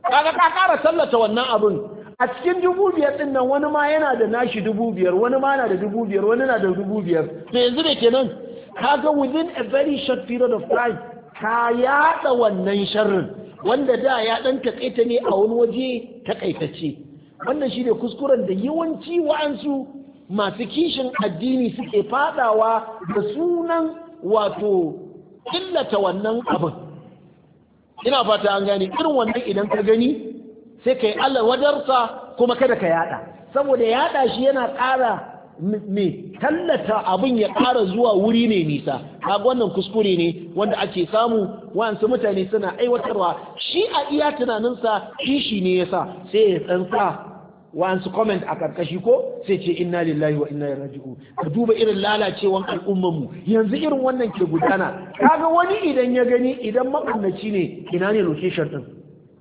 S1: kaga ka ƙara sallata wannan abin a cikin dubu biyar din nan wani ma yana da nashi dubu biyar wani ma na da dubu biyar wani na da dubu biyar to yanzu da kenan kaga within a very short period of time ka yada wannan sharrin wanda da ya ɗan takaita ne a wani waje takaitacce wannan shi ne kuskuren da yawanci wa'ansu masu kishin addini suke fadawa da sunan wato illata wannan abin ina fata an gani irin wannan idan ka gani sai ka yi Allah wadarsa kuma kada ka yada saboda yada shi yana ƙara me tallata abin ya ƙara zuwa wuri ne nisa ga wannan kuskure ne wanda ake samu wa'ansu mutane suna aiwatarwa shi a iya tunaninsa kishi ne yasa sai ya tsansa wa'ansu comment a karkashi ko sai ce inna lillahi wa inna ilaihi raji'un ka duba irin lalacewan al'ummar mu yanzu irin wannan ke gudana kaga wani idan ya gani idan makannaci ne ina ne location din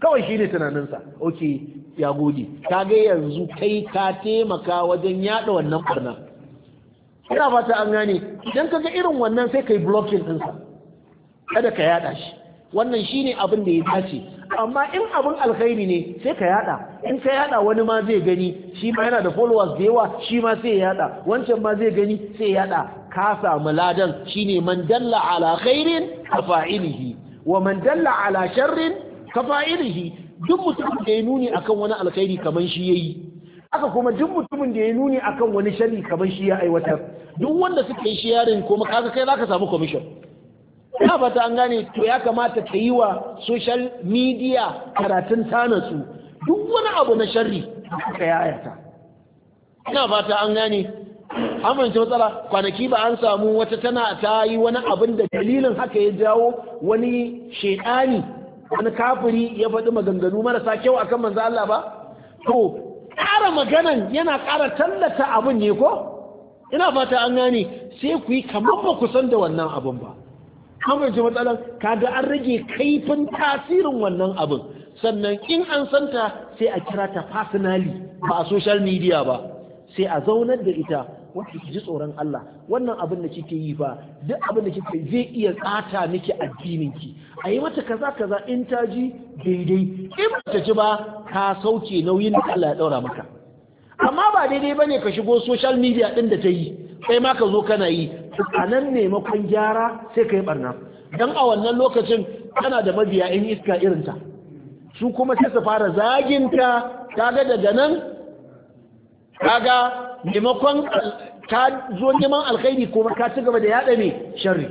S1: kawai shine tunaninsa okay ya gode kaga yanzu kai ka taimaka wajen yada wannan barna ina fata an gane idan kaga irin wannan sai kai blocking ɗinsa kada ka yada shi wannan shine abin da ya dace amma in abin alkhairi ne sai ka yada in ka yada wani ma zai gani shi ma yana da followers da yawa shi ma sai ya yada wancan ma zai gani sai yaɗa. yada ka samu ladan shine man dalla ala khairin kafa'ilihi wa man dalla ala sharrin kafa'ilihi duk mutumin da ya nuni akan wani alkhairi kaman shi yayi aka kuma duk mutumin da ya nuni akan wani sharri kaman shi ya aiwatar duk wanda suke shi yarin kuma kaga kai zaka samu commission ya fata an gane to ya kamata ka yi wa social media karatun tanatsu duk wani abu na sharri ka yayata ina fata an gane amince matsala kwanaki ba an samu wata tana ta yi wani abin da dalilin haka ya jawo wani shaidani wani kafiri ya faɗi maganganu marasa kyau akan manzo Allah ba to ƙara maganan yana ƙara tallata abin ne ko ina fata an gane sai ku yi kamar ba ku san da wannan abin ba amince matsalar kaga an rage kaifin tasirin wannan abin sannan in an santa sai a kira ta personally ba a social media ba sai a zaunar da ita wata ki ji tsoron Allah wannan abin da kike yi ba duk abin da kike zai iya tsata miki addinin ki a yi mata kaza kaza in ta ji daidai in ba ta ji ba ka sauke nauyin da Allah ya daura maka amma ba daidai bane ka shigo social media din da ta yi kai ma ka zo kana yi a nan nemakon gyara sai ka yi barna don a wannan lokacin kana da mabiya in iska irinta su kuma sai su fara zaginta ta ga daga nan kaga maimakon ka zo neman alkhairi kuma ka ci gaba da yada ne sharri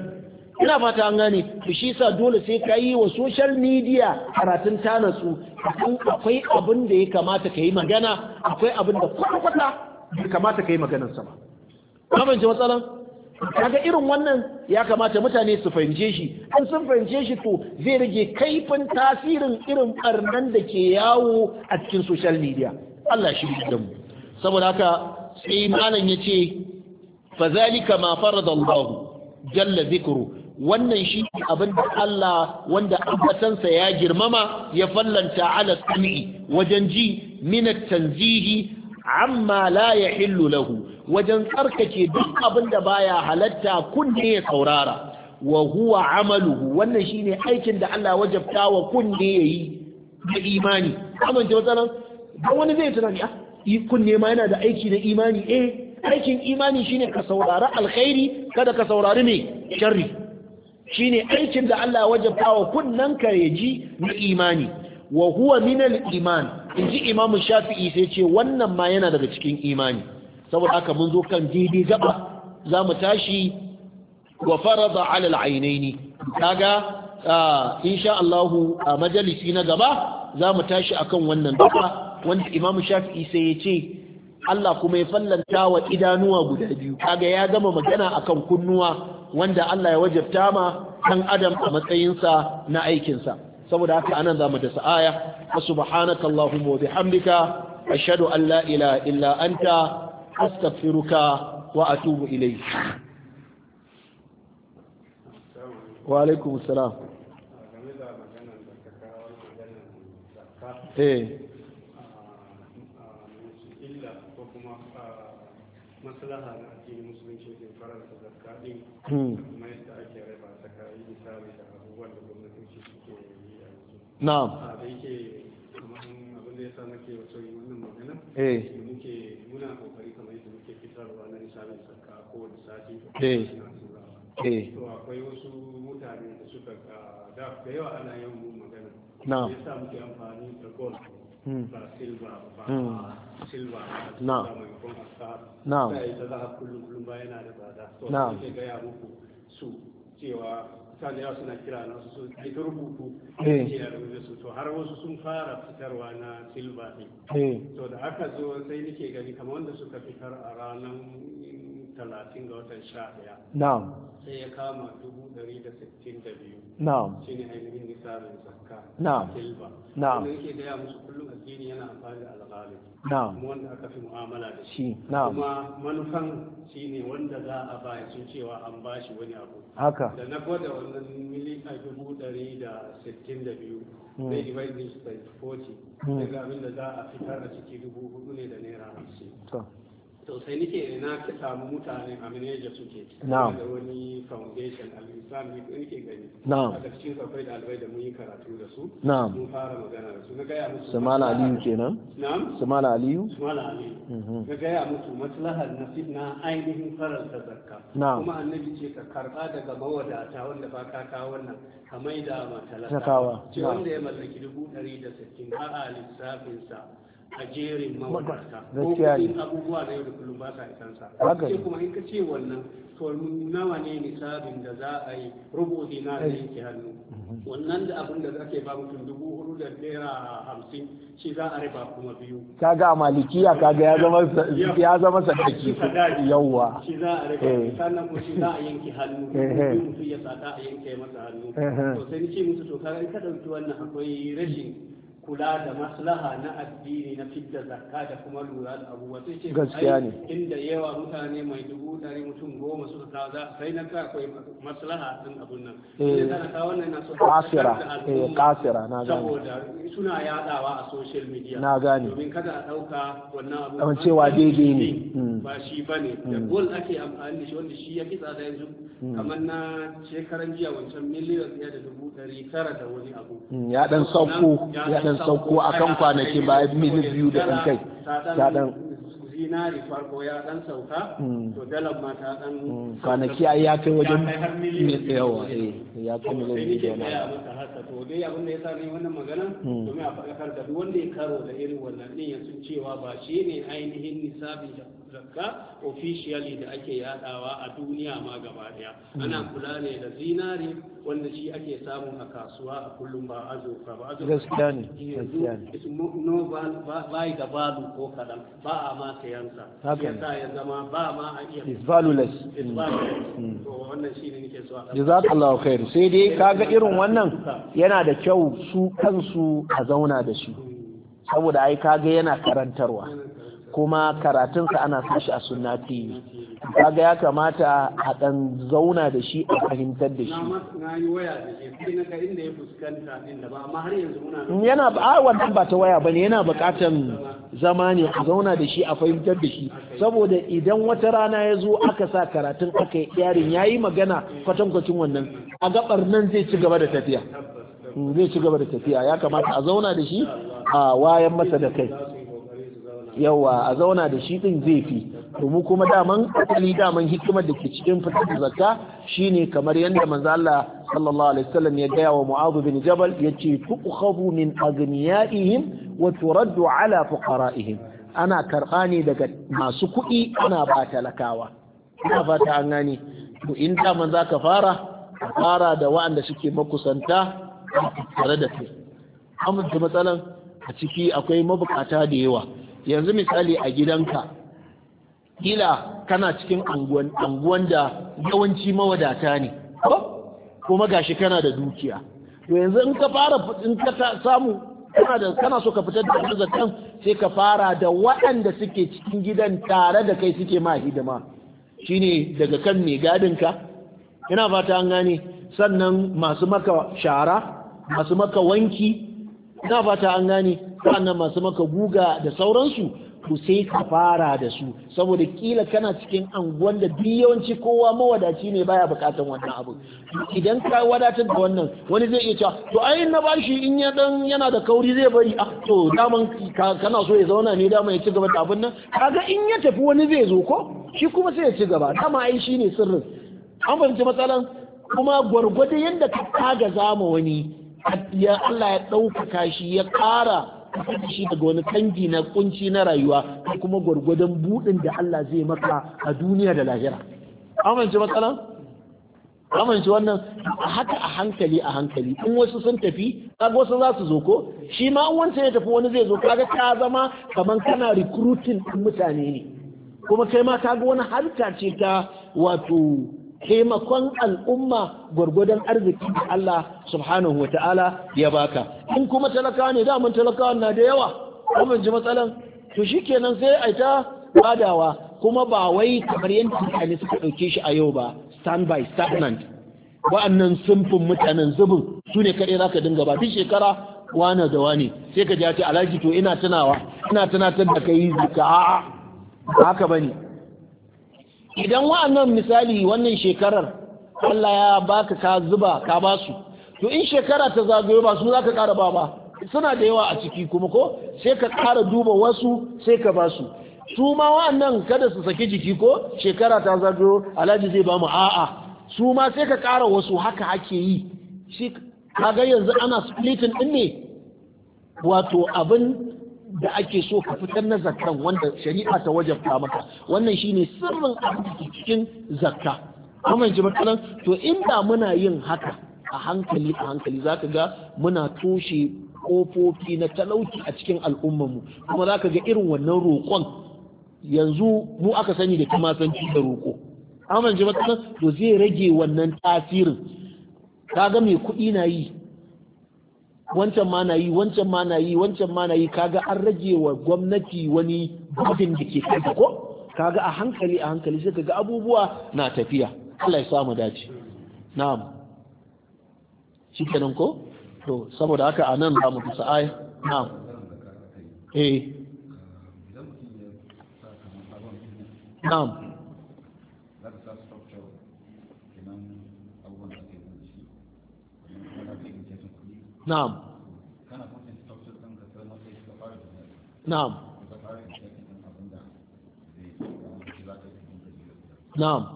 S1: ina fata an gane to shi sa dole sai ka yi wa social media karatun ta kan akwai abin da ya kamata ka yi magana akwai abin da kwata-kwata ya kamata ka yi maganarsa ba kamance matsalan kaga irin wannan ya kamata mutane su fahimce shi an sun fahimce shi to zai rage kaifin tasirin irin barnan da ke yawo a cikin social media Allah shi da mu saboda haka sai malam ce, fa zalika ma farada Allah jalla zikru wannan shi abin da Allah wanda ambatansa ya girmama ya fallanta ala sami wajen ji min tanzihi amma la yahillu lahu wajen tsarkake duk abin da baya halatta kunne ya saurara wa huwa amaluhu wannan shine aikin da Allah wajabta wa kunne yayi da imani amma ce wata dan wani zai tunani ah kunne ma yana da aiki na imani eh aikin imani shine ka saurari alkhairi kada ka saurari me sharri shine aikin da Allah wajabta wa kunnanka ya ji na imani wa huwa min al-iman inji imamu shafi'i sai ce wannan ma yana daga cikin imani saboda haka mun zo kan daidai gaba za mu tashi wa farada ala al'ainaini kaga insha Allah a majalisi na gaba za mu tashi akan wannan gaba wanda Imam Shafi'i sai ya ce Allah kuma ya fallanta wa idanuwa guda biyu kaga ya gama magana akan kunnuwa wanda Allah ya wajabta ma dan adam a matsayinsa na aikinsa saboda haka anan zamu da sa'aya subhanakallahumma wa bihamdika ashhadu an la ilaha illa anta astaghfiruka wa atubu ilayk wa alaikum salam
S2: eh maslaha na addinin musulunci ne faranta zakka din kuma yadda ake raba tsakanin misali da abubuwan da gwamnatoci suke yi a yanzu. Na'am. A da yake kamar abin da ya sa nake wato yi magana. Eh, eh. akwai wasu mutane da suka da da yawa ana yin mu magana na yasa muke amfani da gold hmm. ba silver ba hmm. silver na na sai ta za kullum kullum ba yana da tsada to Na. ga ya muku su cewa mutane yawa suna kira na su ai ta rubutu eh. to har wasu sun fara fitarwa na silva ne to da aka zo sai nake gani kamar wanda suka fitar a ranar talatin ga watan sha ɗaya na'am sai ya kama dubu ɗari da sittin da biyu na'am shi ne ainihin misalin zakka na'am silba na'am wanda yake gaya musu kullum addini yana amfani da alƙali na'am kuma wanda aka fi mu'amala da shi na'am kuma manufan shi ne wanda za a ba ya cewa an ba shi wani abu haka da na gwada wannan milita dubu ɗari da sittin da biyu hmm. zai divide this by forty daga hmm. abin da za a fitar a ciki dubu hudu ne da naira hamsin to sai nake na ka samu mutane a manaja suke na'am da wani foundation al-islam ne ko nake gani na'am a cikin akwai dalibai da mun yi karatu da su na'am mun fara magana da su na gaya musu samala aliyu kenan na'am samala aliyu aliyu mm-hmm. na gaya musu maslahar nasib na ainihin faranta zakka kuma annabi ce ka karba daga mawadata wanda ba ka kawo wannan da ce wanda ya mallaki dubu ɗari da sittin a lissafinsa a jerin mawadata ko kudin abubuwa na yau da kullum ba sa isansa ce kuma in ka ce wannan to nawa ne nisabin da za a yi rubo na da eh. yanke hannu mhm. wannan da abin da ake ba mutum dubu hudu da naira hamsin shi za a riba kuma biyu
S1: kaga a malikiya kaga ya zama ya zama sadaki yawwa shi za a riba eh. sannan
S2: ko shi za a yanke hannu *laughs* eh. mutum ya sata a yanke masa hannu to sai ni ce musu to kaga in ka dauki wannan akwai rashin kula da maslaha na addini na fidda zakka da kuma lura da abubuwa sai ce gaskiya ne inda yawa mutane mai dubu dari mutum goma suka kawo za a kai na ka akwai maslaha din abun nan sai eh. kana kawo wannan na so kasira eh kasira na gani saboda suna yadawa a social media na gani domin kada a dauka wannan abu kamar cewa daidai ne hmm. ba shi bane da hmm. gol ake amfani da shi wanda shi ya kitsa da yanzu hmm. kamar na shekaran jiya wancan miliyan ɗaya da dubu dari tara da wani abu ya dan sauko ya dan sauko a kan kwanaki ba mini biyu da ɗan kai ta ɗan zinari farko ya ɗan sauka hmm. to dalar ma ta ɗan hmm. kwanaki ai ya kai wajen yawa eh, ya kai miliyan biyu da wani to dai abin da ya sa ne wannan magana hmm. domin a faɗakar da wanda ya karo da irin wannan ɗin ya sun cewa ba shi ne ainihin nisabin zakka officially da ake yadawa a duniya ma gaba ɗaya ana kula ne da zinari wanda shi ake samu a kasuwa a kullum ba azurfa ba gaskiya ne gaskiya ne no ba yi da balu ko kadan ba a ma sayansa yasa ya zama ba ma a iya is valueless mm. Mm. to wannan shi ne nake so a jazakallahu khair sai dai kaga irin wannan *laughs*
S1: yana da kyau su kansu a zauna da shi saboda ai kaga yana karantarwa kuma karatunsa ana sashi a sunna tv kaga ya kamata a ɗan zauna da shi a fahimtar da shi yana a wannan ba ta waya ba ne yana buƙatan zama ne a zauna da shi a fahimtar da shi saboda idan wata rana ya zo aka sa karatun aka yi yarin ya yi magana kwatankwacin wannan a gabar nan zai ci gaba da tafiya ya kamata a zauna da shi a wayan masa da kai yawa a zauna da shi din zai fi domin kuma daman asali daman hikimar da ke cikin fitar da zakka shine kamar yadda manzo Allah sallallahu alaihi wasallam ya gaya wa Mu'adh bin Jabal yace tuqhabu min aghniyaihim wa turaddu ala fuqaraihim ana karɓa ne daga masu kuɗi ana ba talakawa ina fata an gane to in daman zaka fara fara da waɗanda suke makusanta tare da kai amma matsalan a ciki akwai mabukata da yawa yanzu misali a gidanka kila kana cikin anguwan da yawanci mawadata ne kuma gashi kana da dukiya to yanzu in ka fara in ka samu kana da kana so ka fitar da arzikin sai ka fara da waɗanda suke cikin gidan tare da kai suke ma hidima shine daga kan mai gadin ka ina fata an gane sannan masu maka shara masu maka wanki ina fata an gane sannan masu maka guga da sauransu to sai ka fara da su saboda kila kana cikin anguwan da yawanci kowa mawadaci ne baya bukatan wannan abu idan ka wadatar da wannan wani zai iya cewa to ai na bashi in ya dan yana da kauri zai bari a ah, to daman kana so ya zauna ne daman ya ci gaba da abin nan kaga in ya tafi wani zai zo ko shi kuma sai ya ci gaba dama ai shine sirrin an fahimci matsalan kuma gwargwado yadda ka kaga zama wani ya Allah ya ɗaukaka shi ya ƙara ka fita shi daga wani kangi na kunci na rayuwa kai kuma gwargwadon budin da Allah zai maka a duniya da lahira amince matsalan amince wannan haka a hankali a hankali in wasu sun tafi kaga wasu za su zo ko shi ma in wancan ya tafi wani zai zo kaga ka zama kamar kana recruiting mutane ne kuma kai ma kaga wani harka ce ta wato taimakon al'umma gwargwadon arziki da Allah subhanahu wa ta'ala ya baka in kuma talaka ne da mun talakawa na da yawa kuma ji matsalan to shikenan sai a ta badawa kuma ba wai kamar yadda mutane suka ɗauke shi a yau ba stand by stagnant wa'annan simfin mutanen zubin su ne kaɗai zaka dinga ba duk shekara wane da wane sai ka ji alhaji to ina tunawa ina tunatar da kai zaka a'a haka bane idan wa'annan misali wannan shekarar Allah ya baka ka zuba ka ba su to in shekara ta zagayo ba su za ka kara ba ba suna da yawa a ciki kuma ko sai ka kara duba wasu sai ka ba su su ma wa'annan kada su saki jiki ko shekara ta zagayo alhaji zai ba mu a'a su ma sai ka kara wasu haka ake yi shi kaga yanzu ana splitting din ne wato abin da ake so ka fitar na zakkan wanda shari'a ta wajabta maka wannan shine sirrin abin cikin zakka kuma ji matsalan to inda muna yin haka a hankali a hankali ka ga muna toshe kofofi na talauci a cikin al'ummarmu kuma za ka ga irin wannan roƙon yanzu mu aka sani da kimasanci da roƙo amma ji matsalan to zai rage wannan tasirin kaga mai kuɗi na yi wancan ma na yi wancan ma na yi wancan ma na yi kaga an rage wa gwamnati wani babin da ke kai ko kaga a hankali a hankali sai kaga abubuwa na tafiya Allah ya samu dace na'am shikenan ko to saboda haka anan za mu fi sa'ai na'am eh na'am na'am na'am
S2: na'am eh, na'am
S1: na'am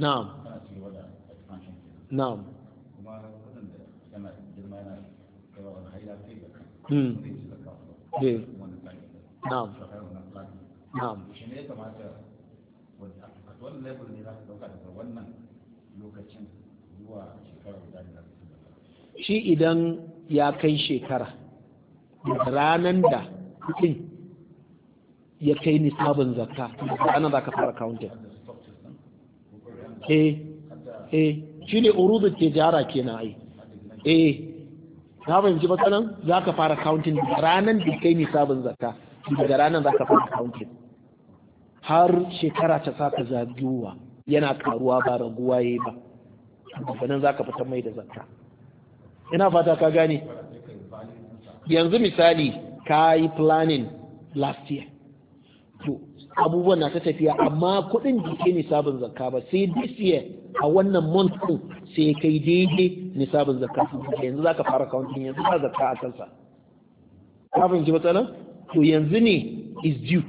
S1: na'am
S2: hmm. eh. na'am na'am wannan level ne za ka dauka daga wannan lokacin zuwa shekarar guda da
S1: shi idan ya kai shekara
S2: da ranan da kuɗin ya kai nisabin zakka ranar za ka fara counting eh eh
S1: shi ne urudun tijara kenan ai eh ka fahimci matsalan za ka fara counting daga ranar da kai nisabin zakka daga ranar za ka fara counting har shekara ta saka zagiwa yana karuwa ba raguwa yi ba daga nan za ka fita mai da zakka ina fata ka gane yanzu misali ka yi planning last year to abubuwan na ta tafiya amma kuɗin jike nisabin zakka ba sai this year a wannan month din sai kai daidai nisabin zakka yanzu za ka fara counting yanzu ba zakka a kansa ka fahimci matsalan to yanzu ne is due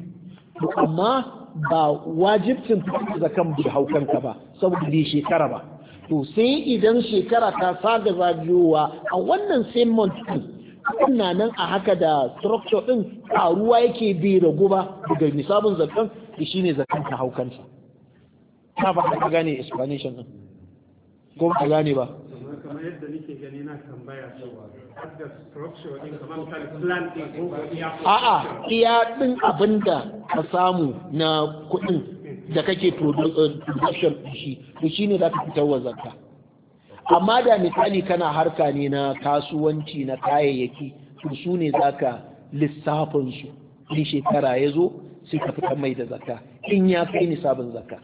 S1: to amma ba wajibcin fitar da zakan da haukanka ba saboda bai shekara ba to sai idan shekara ta sada zagayowa a wannan same month din na nan a haka da structure din karuwa yake bai da ba daga nisabin zakan da shine zakan ta haukanta. ta ba ka gane explanation din ko ba ka gane ba
S2: kamar yadda nake gani na tambaya cewa a'a iya
S1: ɗin abin da ka samu na kuɗin da kake eh, production shi to shi ne za ka fitar wa zakka amma da misali kana harka ne na kasuwanci na kayayyaki to su ne za ka lissafin su in shekara ya zo sai ka fita mai da zakka in ya kai sabon zakka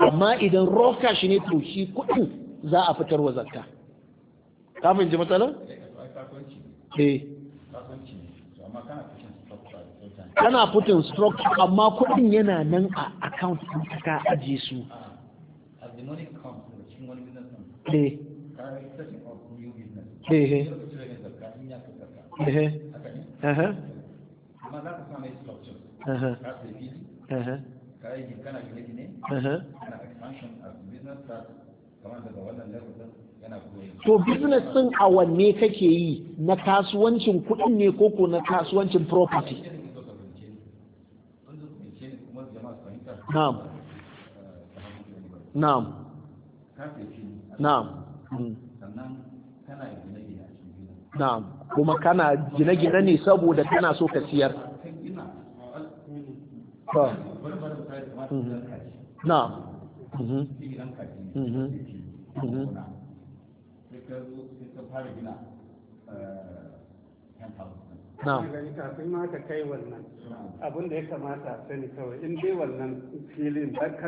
S1: amma idan roka shi ne to shi kuɗin za a fitar wa zakka kafin ji matsalar
S2: eh kana putin stroke amma kudin
S1: yana nan a account din ka aje su
S2: as daga wannan level to business din
S1: a wanne kake yi na kasuwancin kuɗin ne koko na kasuwancin property na'am na'am na'am hmm. na'am kuma kana gine-gine ne saboda kana so ka siyar
S2: hmm. na'am hmm. ta ba eh, magana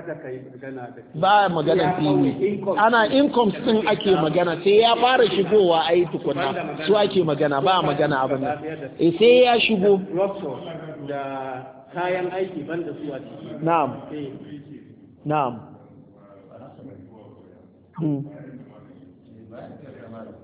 S2: da Ba magana fili. Ana income din ake magana sai ya fara shigowa a yi tukuna su ake magana ba magana abin nan. E sai ya shigo. da kayan aiki ban da su a Na'am. Eh. Na'am. Hmm.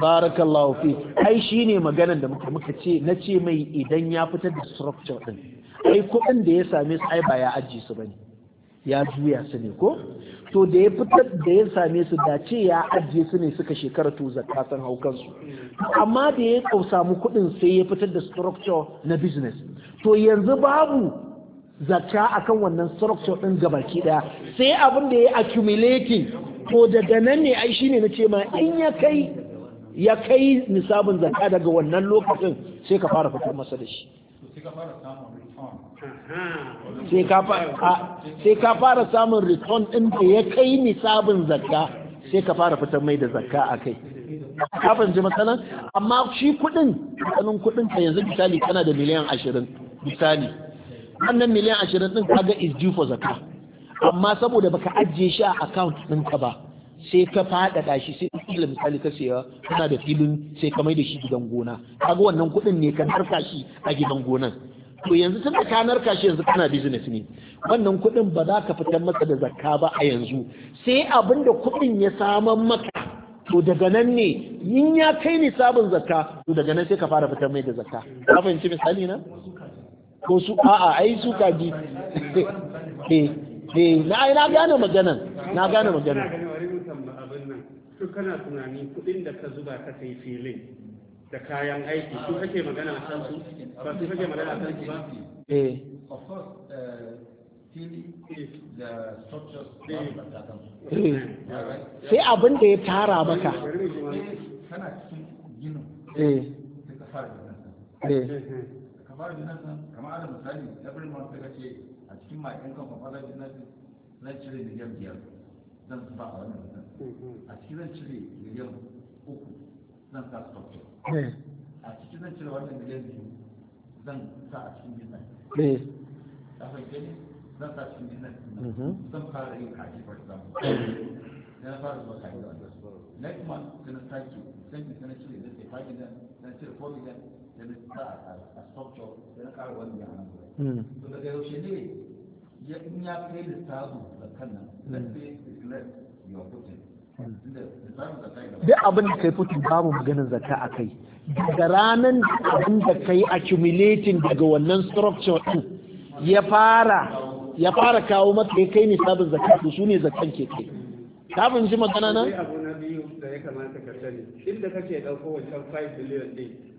S2: barakallahu fi ai shine
S1: maganar da muka muka ce na ce mai idan ya fitar da structure din ai kuɗin da ya same su ai ba ya aji su bane ya juya su ne ko to da ya fitar da ya same su da ce ya ajiye su ne suka shekara to zakka san hau kansu amma da ya samu kuɗin sai ya fitar da structure na business to yanzu babu zakka akan wannan structure ga gabaki ɗaya sai abin da ya accumulating to daga nan ne ai shine na ce ma in ya kai ya kai nisabin zakka daga wannan lokacin sai ka fara fitar masa da shi
S2: sai ka
S1: fara samun return ɗin da ya kai nisabin zaka sai ka fara fitar mai da zakka a kai kafin ji matsalan amma shi kudin kudin ka yanzu misali kana da miliyan ashirin misali wannan miliyan ashirin din kaga is due for zaka amma saboda baka ajiye shi a account ɗinka ba sai ka faɗaɗa shi sai kila misali ka siya kana da filin sai ka mai da shi gidan gona kaga wannan kuɗin ne ka narka shi a gidan gona, to yanzu tun da ka narka shi yanzu kana business ne wannan kuɗin ba za ka fitar masa da zakka ba a yanzu sai abin da kuɗin ya saman maka to daga nan ne in ya kai ni sabon zakka to daga nan sai ka fara fitar mai da zakka ka fahimci misali na ko su a'a ai su kaji *laughs* eh eh na ai na gane maganan na gane maganan
S2: su kana tunani kudin da ka zuba ka kai filin da kayan aiki su kake magana a kan su ba su kake magana a kan su ba eh of course eh, eh. Eh. sai abin da ya tara maka kana cikin ginin eh kamar nan kamar da misali a cikin ma'aikin kan kwafa zai na cire miliyan biyar zan zuba a wannan mm-hmm. a cikin zan cire miliyan uku zan sa structure a cikin zan cire wannan miliyan biyu zan sa a cikin business ta fahimce ne zan sa cikin business mm-hmm. zan fara yin kaji for example na fara zuwa kaji da wannan next kuma sai na sake sai na cire zan sai 5 cire 4 to yaushe ne in ya kai da duk abin da kai fitin
S1: babu maganin zaka a kai daga ranar abin da kai accumulating daga wannan structure din ya fara ya fara kawo mata ya kai ne sabon zaka to su ne zakan ke kai ka fahimci magana nan
S2: abu na biyu da ya kamata ka sani inda kake ɗauko wancan 5 billion din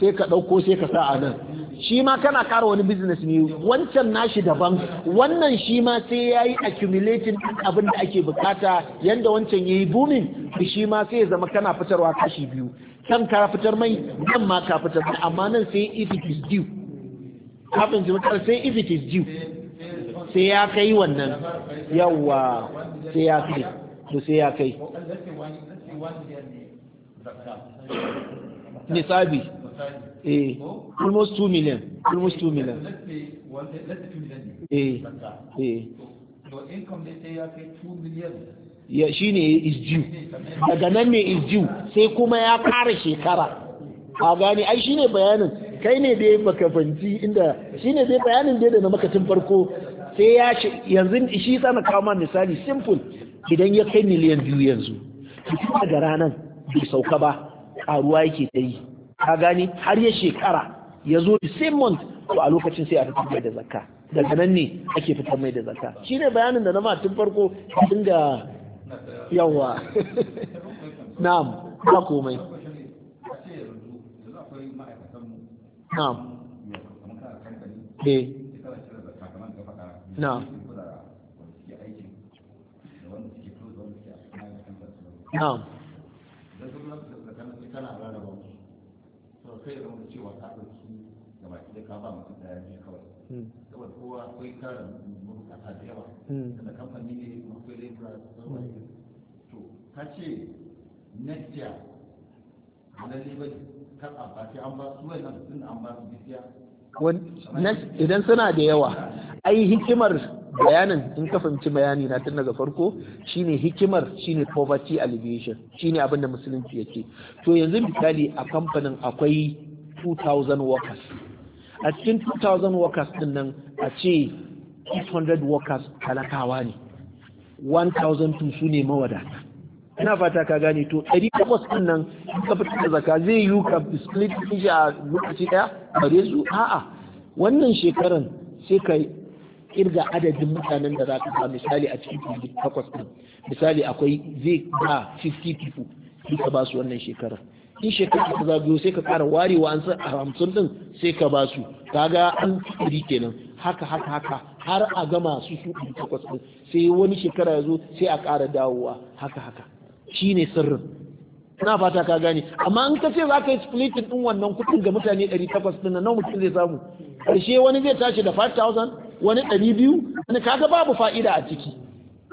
S1: sai ka ɗauko sai ka sa a nan shi ma kana ƙara wani business ne wancan nashi daban wannan shi ma sai ya yi accumulating abin da ake bukata yanda wancan ya yi booming shi ma sai ya zama kana fitarwa kashi biyu kan ka fitar mai nan ma ka fitar mai amma nan sai if it is due kafin jimatar sai if it is due sai ya kai wannan yawa sai ya kai to sai ya kai
S2: nisabi eh almost two million almost two million let's say one let's say million eh eh so income say ya kai 2 million
S1: ya ne is due
S2: daga nan ne is due
S1: sai kuma ya kara shekara a gani ai shine bayanin kai ne dai baka fanci inda shine dai bayanin dai da na makacin farko sai ya yanzu shi sana kama misali simple idan ya kai miliyan biyu yanzu duk da ranar bai sauka ba karuwa yake ta yi ka gani har ya shekara ya zo the same month to a lokacin sai a fitar mai da zakka daga nan ne ake fitar mai da zakka shi ne bayanin da na ma tun farko tun dinga
S2: yawa *laughs* na'am ba komai na'am eh na'am na'am kai da wanda cewa ka ɗauki da baki da kafa ba mutum daya biyu kawai hmm. saboda kowa akwai kara ta da yawa hmm. da kamfani ne akwai labura hmm. to ka ce nadiya a lalle kan kar an ba su wai nan sun an ba su bidiya
S1: idan suna da yawa ai hikimar bayanin in ka fahimci bayani na tun daga farko shine hikimar shine poverty alleviation shine abin da musulunci yake to yanzu misali a kamfanin akwai 2000 workers a cikin 2000 workers din nan a ce 800 workers talakawa ne tun su ne mawadata ina fata ka gane to 800 din nan in ka fita da zaka zai yi ka split shi a lokaci daya bare su a'a wannan shekaran sai kai kirga adadin mutanen da za ka ba misali a cikin kudi takwas ɗin misali akwai zai ba 50 people sai ka ba su wannan shekarar in shekara ta biyu sai ka ƙara warewa an san a hamsin ɗin sai ka ba su kaga an ɗari kenan haka haka haka har a gama su su ɗin takwas ɗin sai wani shekara ya zo sai a ƙara dawowa haka haka Shi ne sirrin na fata ka gane amma in ka ce za ka yi splitting din wannan kudin ga mutane 800 din nan mutum zai samu karshe wani zai tashi da 5000 wani ɗari biyu wani kaga babu fa'ida a ciki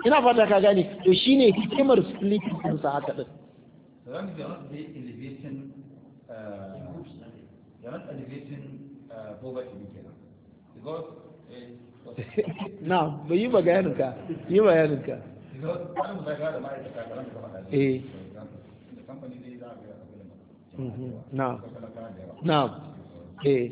S1: ina fata ka gane to ne hikimar splitting din sa haka ɗin.
S2: Eh, eh,
S1: na ba eh, *laughs* yi bayaninka yi
S2: bayaninka na na eh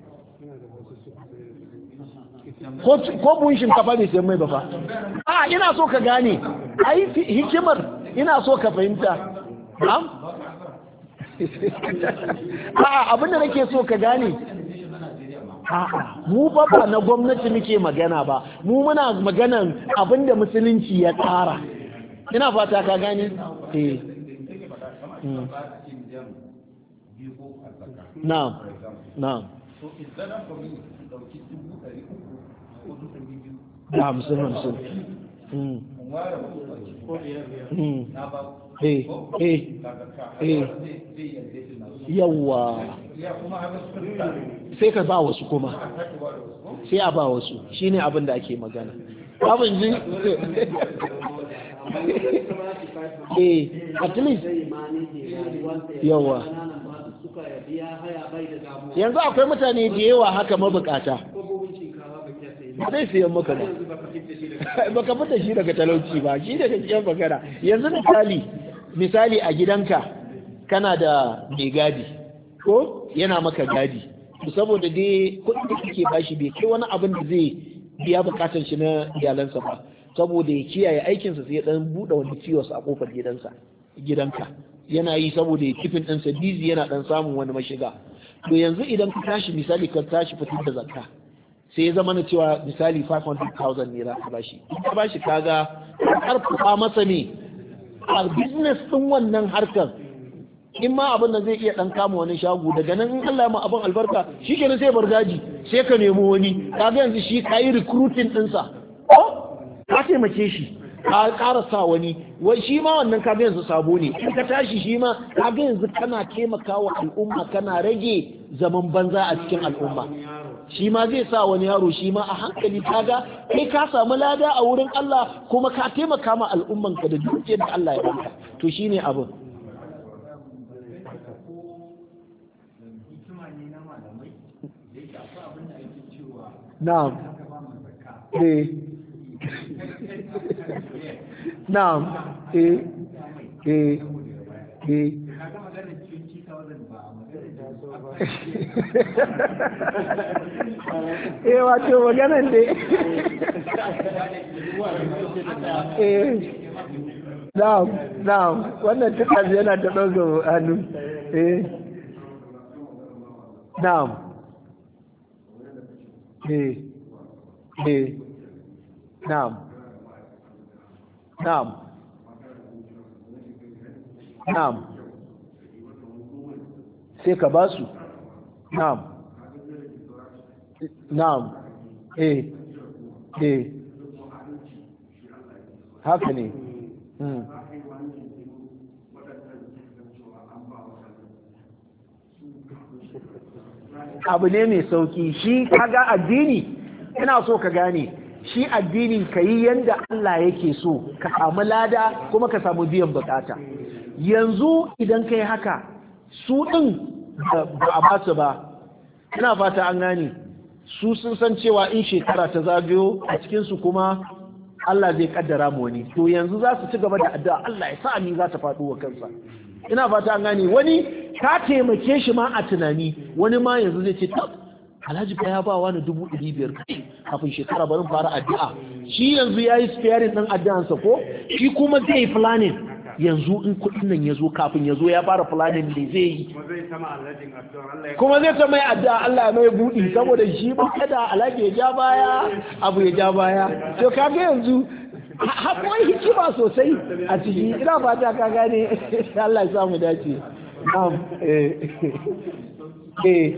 S3: ko
S1: buhun shinkafa ne sai mai ba fa a ina so ka gane ai hikimar ina so ka fahimta am
S2: *laughs*
S1: a abin da nake so ka gane a'a mu ba ba na gwamnati muke magana ba mu muna maganan abin da musulunci ya tsara ina fata ka gane na eh.
S2: hmm. na'am na'am so it's better for me to
S1: da hamsin hamsin hmm.
S2: Hmm. Eh, eh, eh. yawwa
S1: sai ka ba wasu kuma sai a ba wasu Shi ne abin da ake magana abin ji
S2: *laughs* eh at least yawa yanzu akwai mutane da yawa haka mabukata ba zai fiye maka ba *laughs* baka
S1: fita shi daga talauci ba shi daga cikin bakara yanzu misali misali a gidanka kana da mai gadi ko yana maka gadi saboda dai kuɗin da kake bashi bai kai wani abin da zai biya bukatar shi na iyalansa ba saboda ya kiyaye aikinsa sai ya dan buɗe wani ciwo a kofar gidansa gidanka yana yi saboda ya kifin ɗansa dizi yana ɗan samun wani mashiga to yanzu idan ka tashi misali ka tashi fitar da zakka sai ya zama na cewa misali 500,000 ne za ka bashi in ka bashi kaga karfafa masa ne a business din wannan harkar in ma abin da zai iya dan kama wani shago daga nan in Allah ma abin albarka shi na sai bar daji sai ka nemo wani kaga yanzu shi kayi recruiting ɗinsa oh, ka taimake shi ka sa wani wai shi ma wannan kaga yanzu sabo ne in ka tashi shi ma kaga yanzu kana taimaka wa al'umma kana rage zaman banza a cikin al'umma shi ma zai sa wani yaro shi ma a hankali ga, kai ka samu lada a wurin Allah kuma ka taimaka ma al'umman ka da dukiyar da Allah ya baka to shi ne abin
S2: na'am na'am eh eh eh eh wato maganar da *laughs* eh na'am na'am wannan tukaz yana da ɗaukar hannu eh na'am eh eh na'am نعم
S1: نعم sai ka ba su
S2: ايه ايه eh eh haka ne hmm. abu ne
S1: mai sauki shi kaga addini ina so ka gane shi addinin ka yi yadda Allah yake so ka samu lada kuma ka samu biyan bukata yanzu idan ka yi haka su ɗin ba a ba su ba ina fata an gane su sun san cewa in shekara ta zagayo a cikinsu kuma Allah zai kaddara mu wani to yanzu za su ci gaba da addu'a Allah ya sa ni za ta faɗo wa kansa ina fata an gane wani ka taimake shi ma a tunani wani ma yanzu zai ce alhaji fa ya ba wani dubu ɗari biyar kafin shekara barin fara addu'a shi yanzu ya yi sparing ɗin sa ko shi kuma zai yi planning yanzu in kuɗin nan ya zo kafin ya zo ya fara planning ne zai yi
S2: kuma zai ta mai addu'a
S1: Allah ya mai buɗi saboda shi ba kada alhaji ya ja baya abu ya ja baya to kaga yanzu yi hikima sosai a ciki ina fata ka gane *laughs* Allah ya samu dace na'am eh. *laughs*
S2: Eh.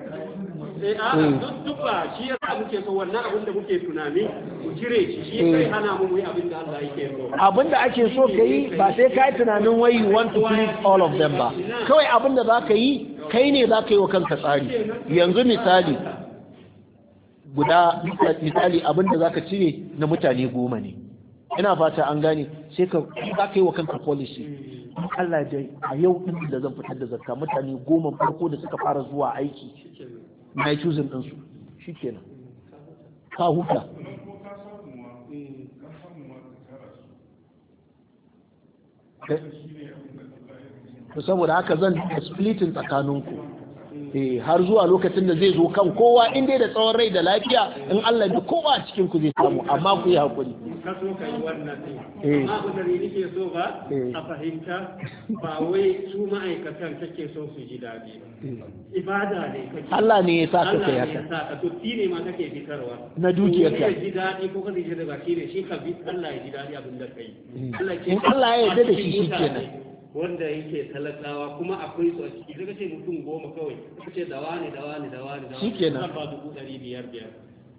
S2: eh a'a hmm. duk duk ba shi yasa muke so wannan abin da muke tunani ku cire shi shi kai hmm. hana mu yi abin da Allah yake so abin da ake
S1: so kai ba sai ka yi tunanin wai you want to please all of them ba kawai abin da zaka yi kai ne zaka yi wa kanka tsari yanzu misali guda misali abin da zaka cire na mutane goma ne ina fata an gane sai ka ka yi wa kanka policy in Allah dai a yau din da zan fitar da zakka mutane goma farko da suka fara zuwa aiki na yi cuzin ɗinsu shi kenan ka huta eh. saboda haka zan splitin tsakaninku Eh, har zuwa lokacin da zai zo kan kowa in dai da tsawon rai da lafiya in Allah da kowa a cikin ku zai samu amma ku yi hakuri
S2: ka so ka yi wannan ne eh. amma ku da ke so ba eh. a fahimta ba wai su ma'aikatan kake so su ji daɗi ibada ne kake Allah ne ya sa ka kai haka Allah ne ya sa ka to ne ma kake fitarwa na dukiyar ka ji daɗi ko ka ji daɗi ba shi ne shi ka bi Allah ya ji daɗi abin da kai hmm. in Allah ya yarda da shi shi kenan wanda yake talakawa kuma akwai su a ciki daga ce mutum goma kawai suka ce dawa ne dawa ne dawa ne dawa ne zan ba dubu ɗari biyar biyar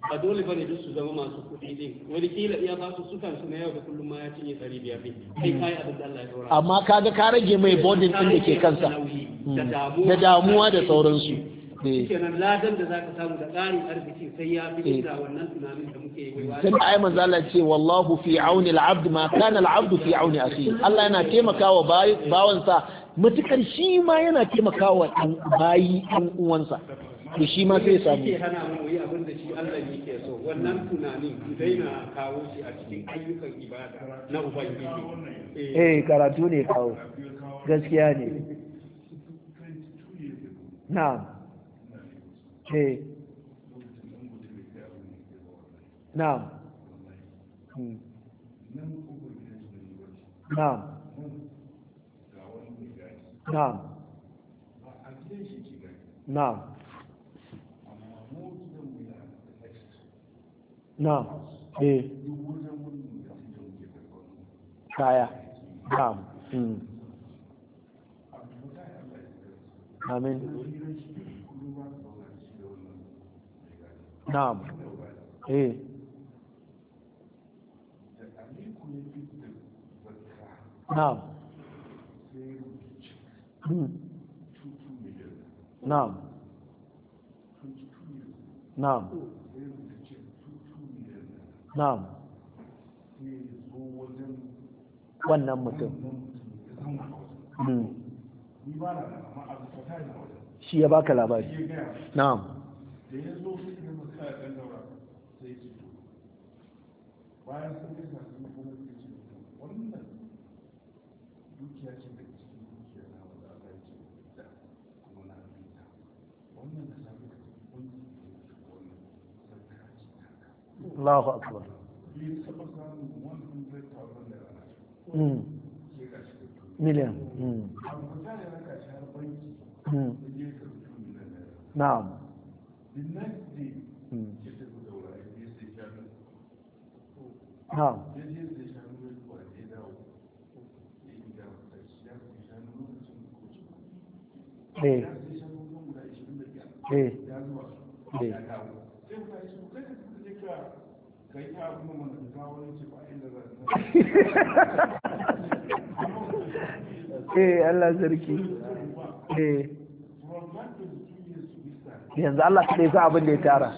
S2: ba dole ba ne duk su zama masu kuɗi ɗin wani kila iya ba su sukan su na yau da kullum ma ya cinye ɗari biyar ɗin kai kayi abin da Allah ya amma kaga ka rage mai bodin ɗin da ke kansa hmm. da damuwa da sauransu Eh. shikenan ladan da zaka samu da ƙarin arziki sai ya fi eh. da wannan tunanin da muke yi sai ai
S1: manzala ce wallahu fi auni al-abd ma kana al-abd fi auni akhi Allah yana taimakawa bawansa matukar shi ma yana taimakawa bayi dan uwansa to shi ma sai samu yake
S2: hana mu yi abin da shi Allah yake so wannan tunanin kawo shi a cikin ayyukan ibada na ubangiji eh, eh karatu ne kawo gaskiya ne na'am ce eh. na'am hmm. na'am na'am na'am na'am eh kaya na'am hmm. amin na'am eh na'am hmm. na'am na'am na'am
S1: wannan mutum hmm.
S2: shi ya baka labari na'am da ya zo su ne mu daura sai ci bayan sun yi na kuma su ci wannan dukiya ce da cikin dukiya na wanda aka yi ce da kuma na wannan da sami da cikin da wannan Allahu Akbar. 100,000 e next day she eh Allah sarki eh yanzu Allah Ta sa abin da ya tara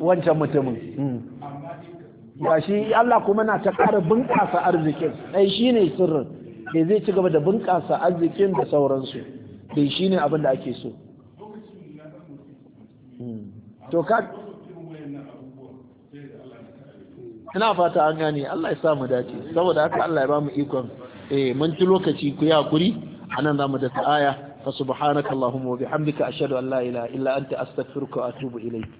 S1: wancan mutumin ba hmm. shi Allah kuma na ta ƙara bunƙasa arzikin ɗai shi ne sirrin da zai ci gaba da bunƙasa arzikin da sauransu da shi ne abin da ake so hmm. to ina fata an gane Allah ya sa mu dace saboda haka Allah ya ba mu ikon eh mun ci lokaci ku ya kuri anan zamu da aya fa subhanakallahumma wa bihamdika ashhadu an la ilaha illa anta astaghfiruka wa atubu ilayk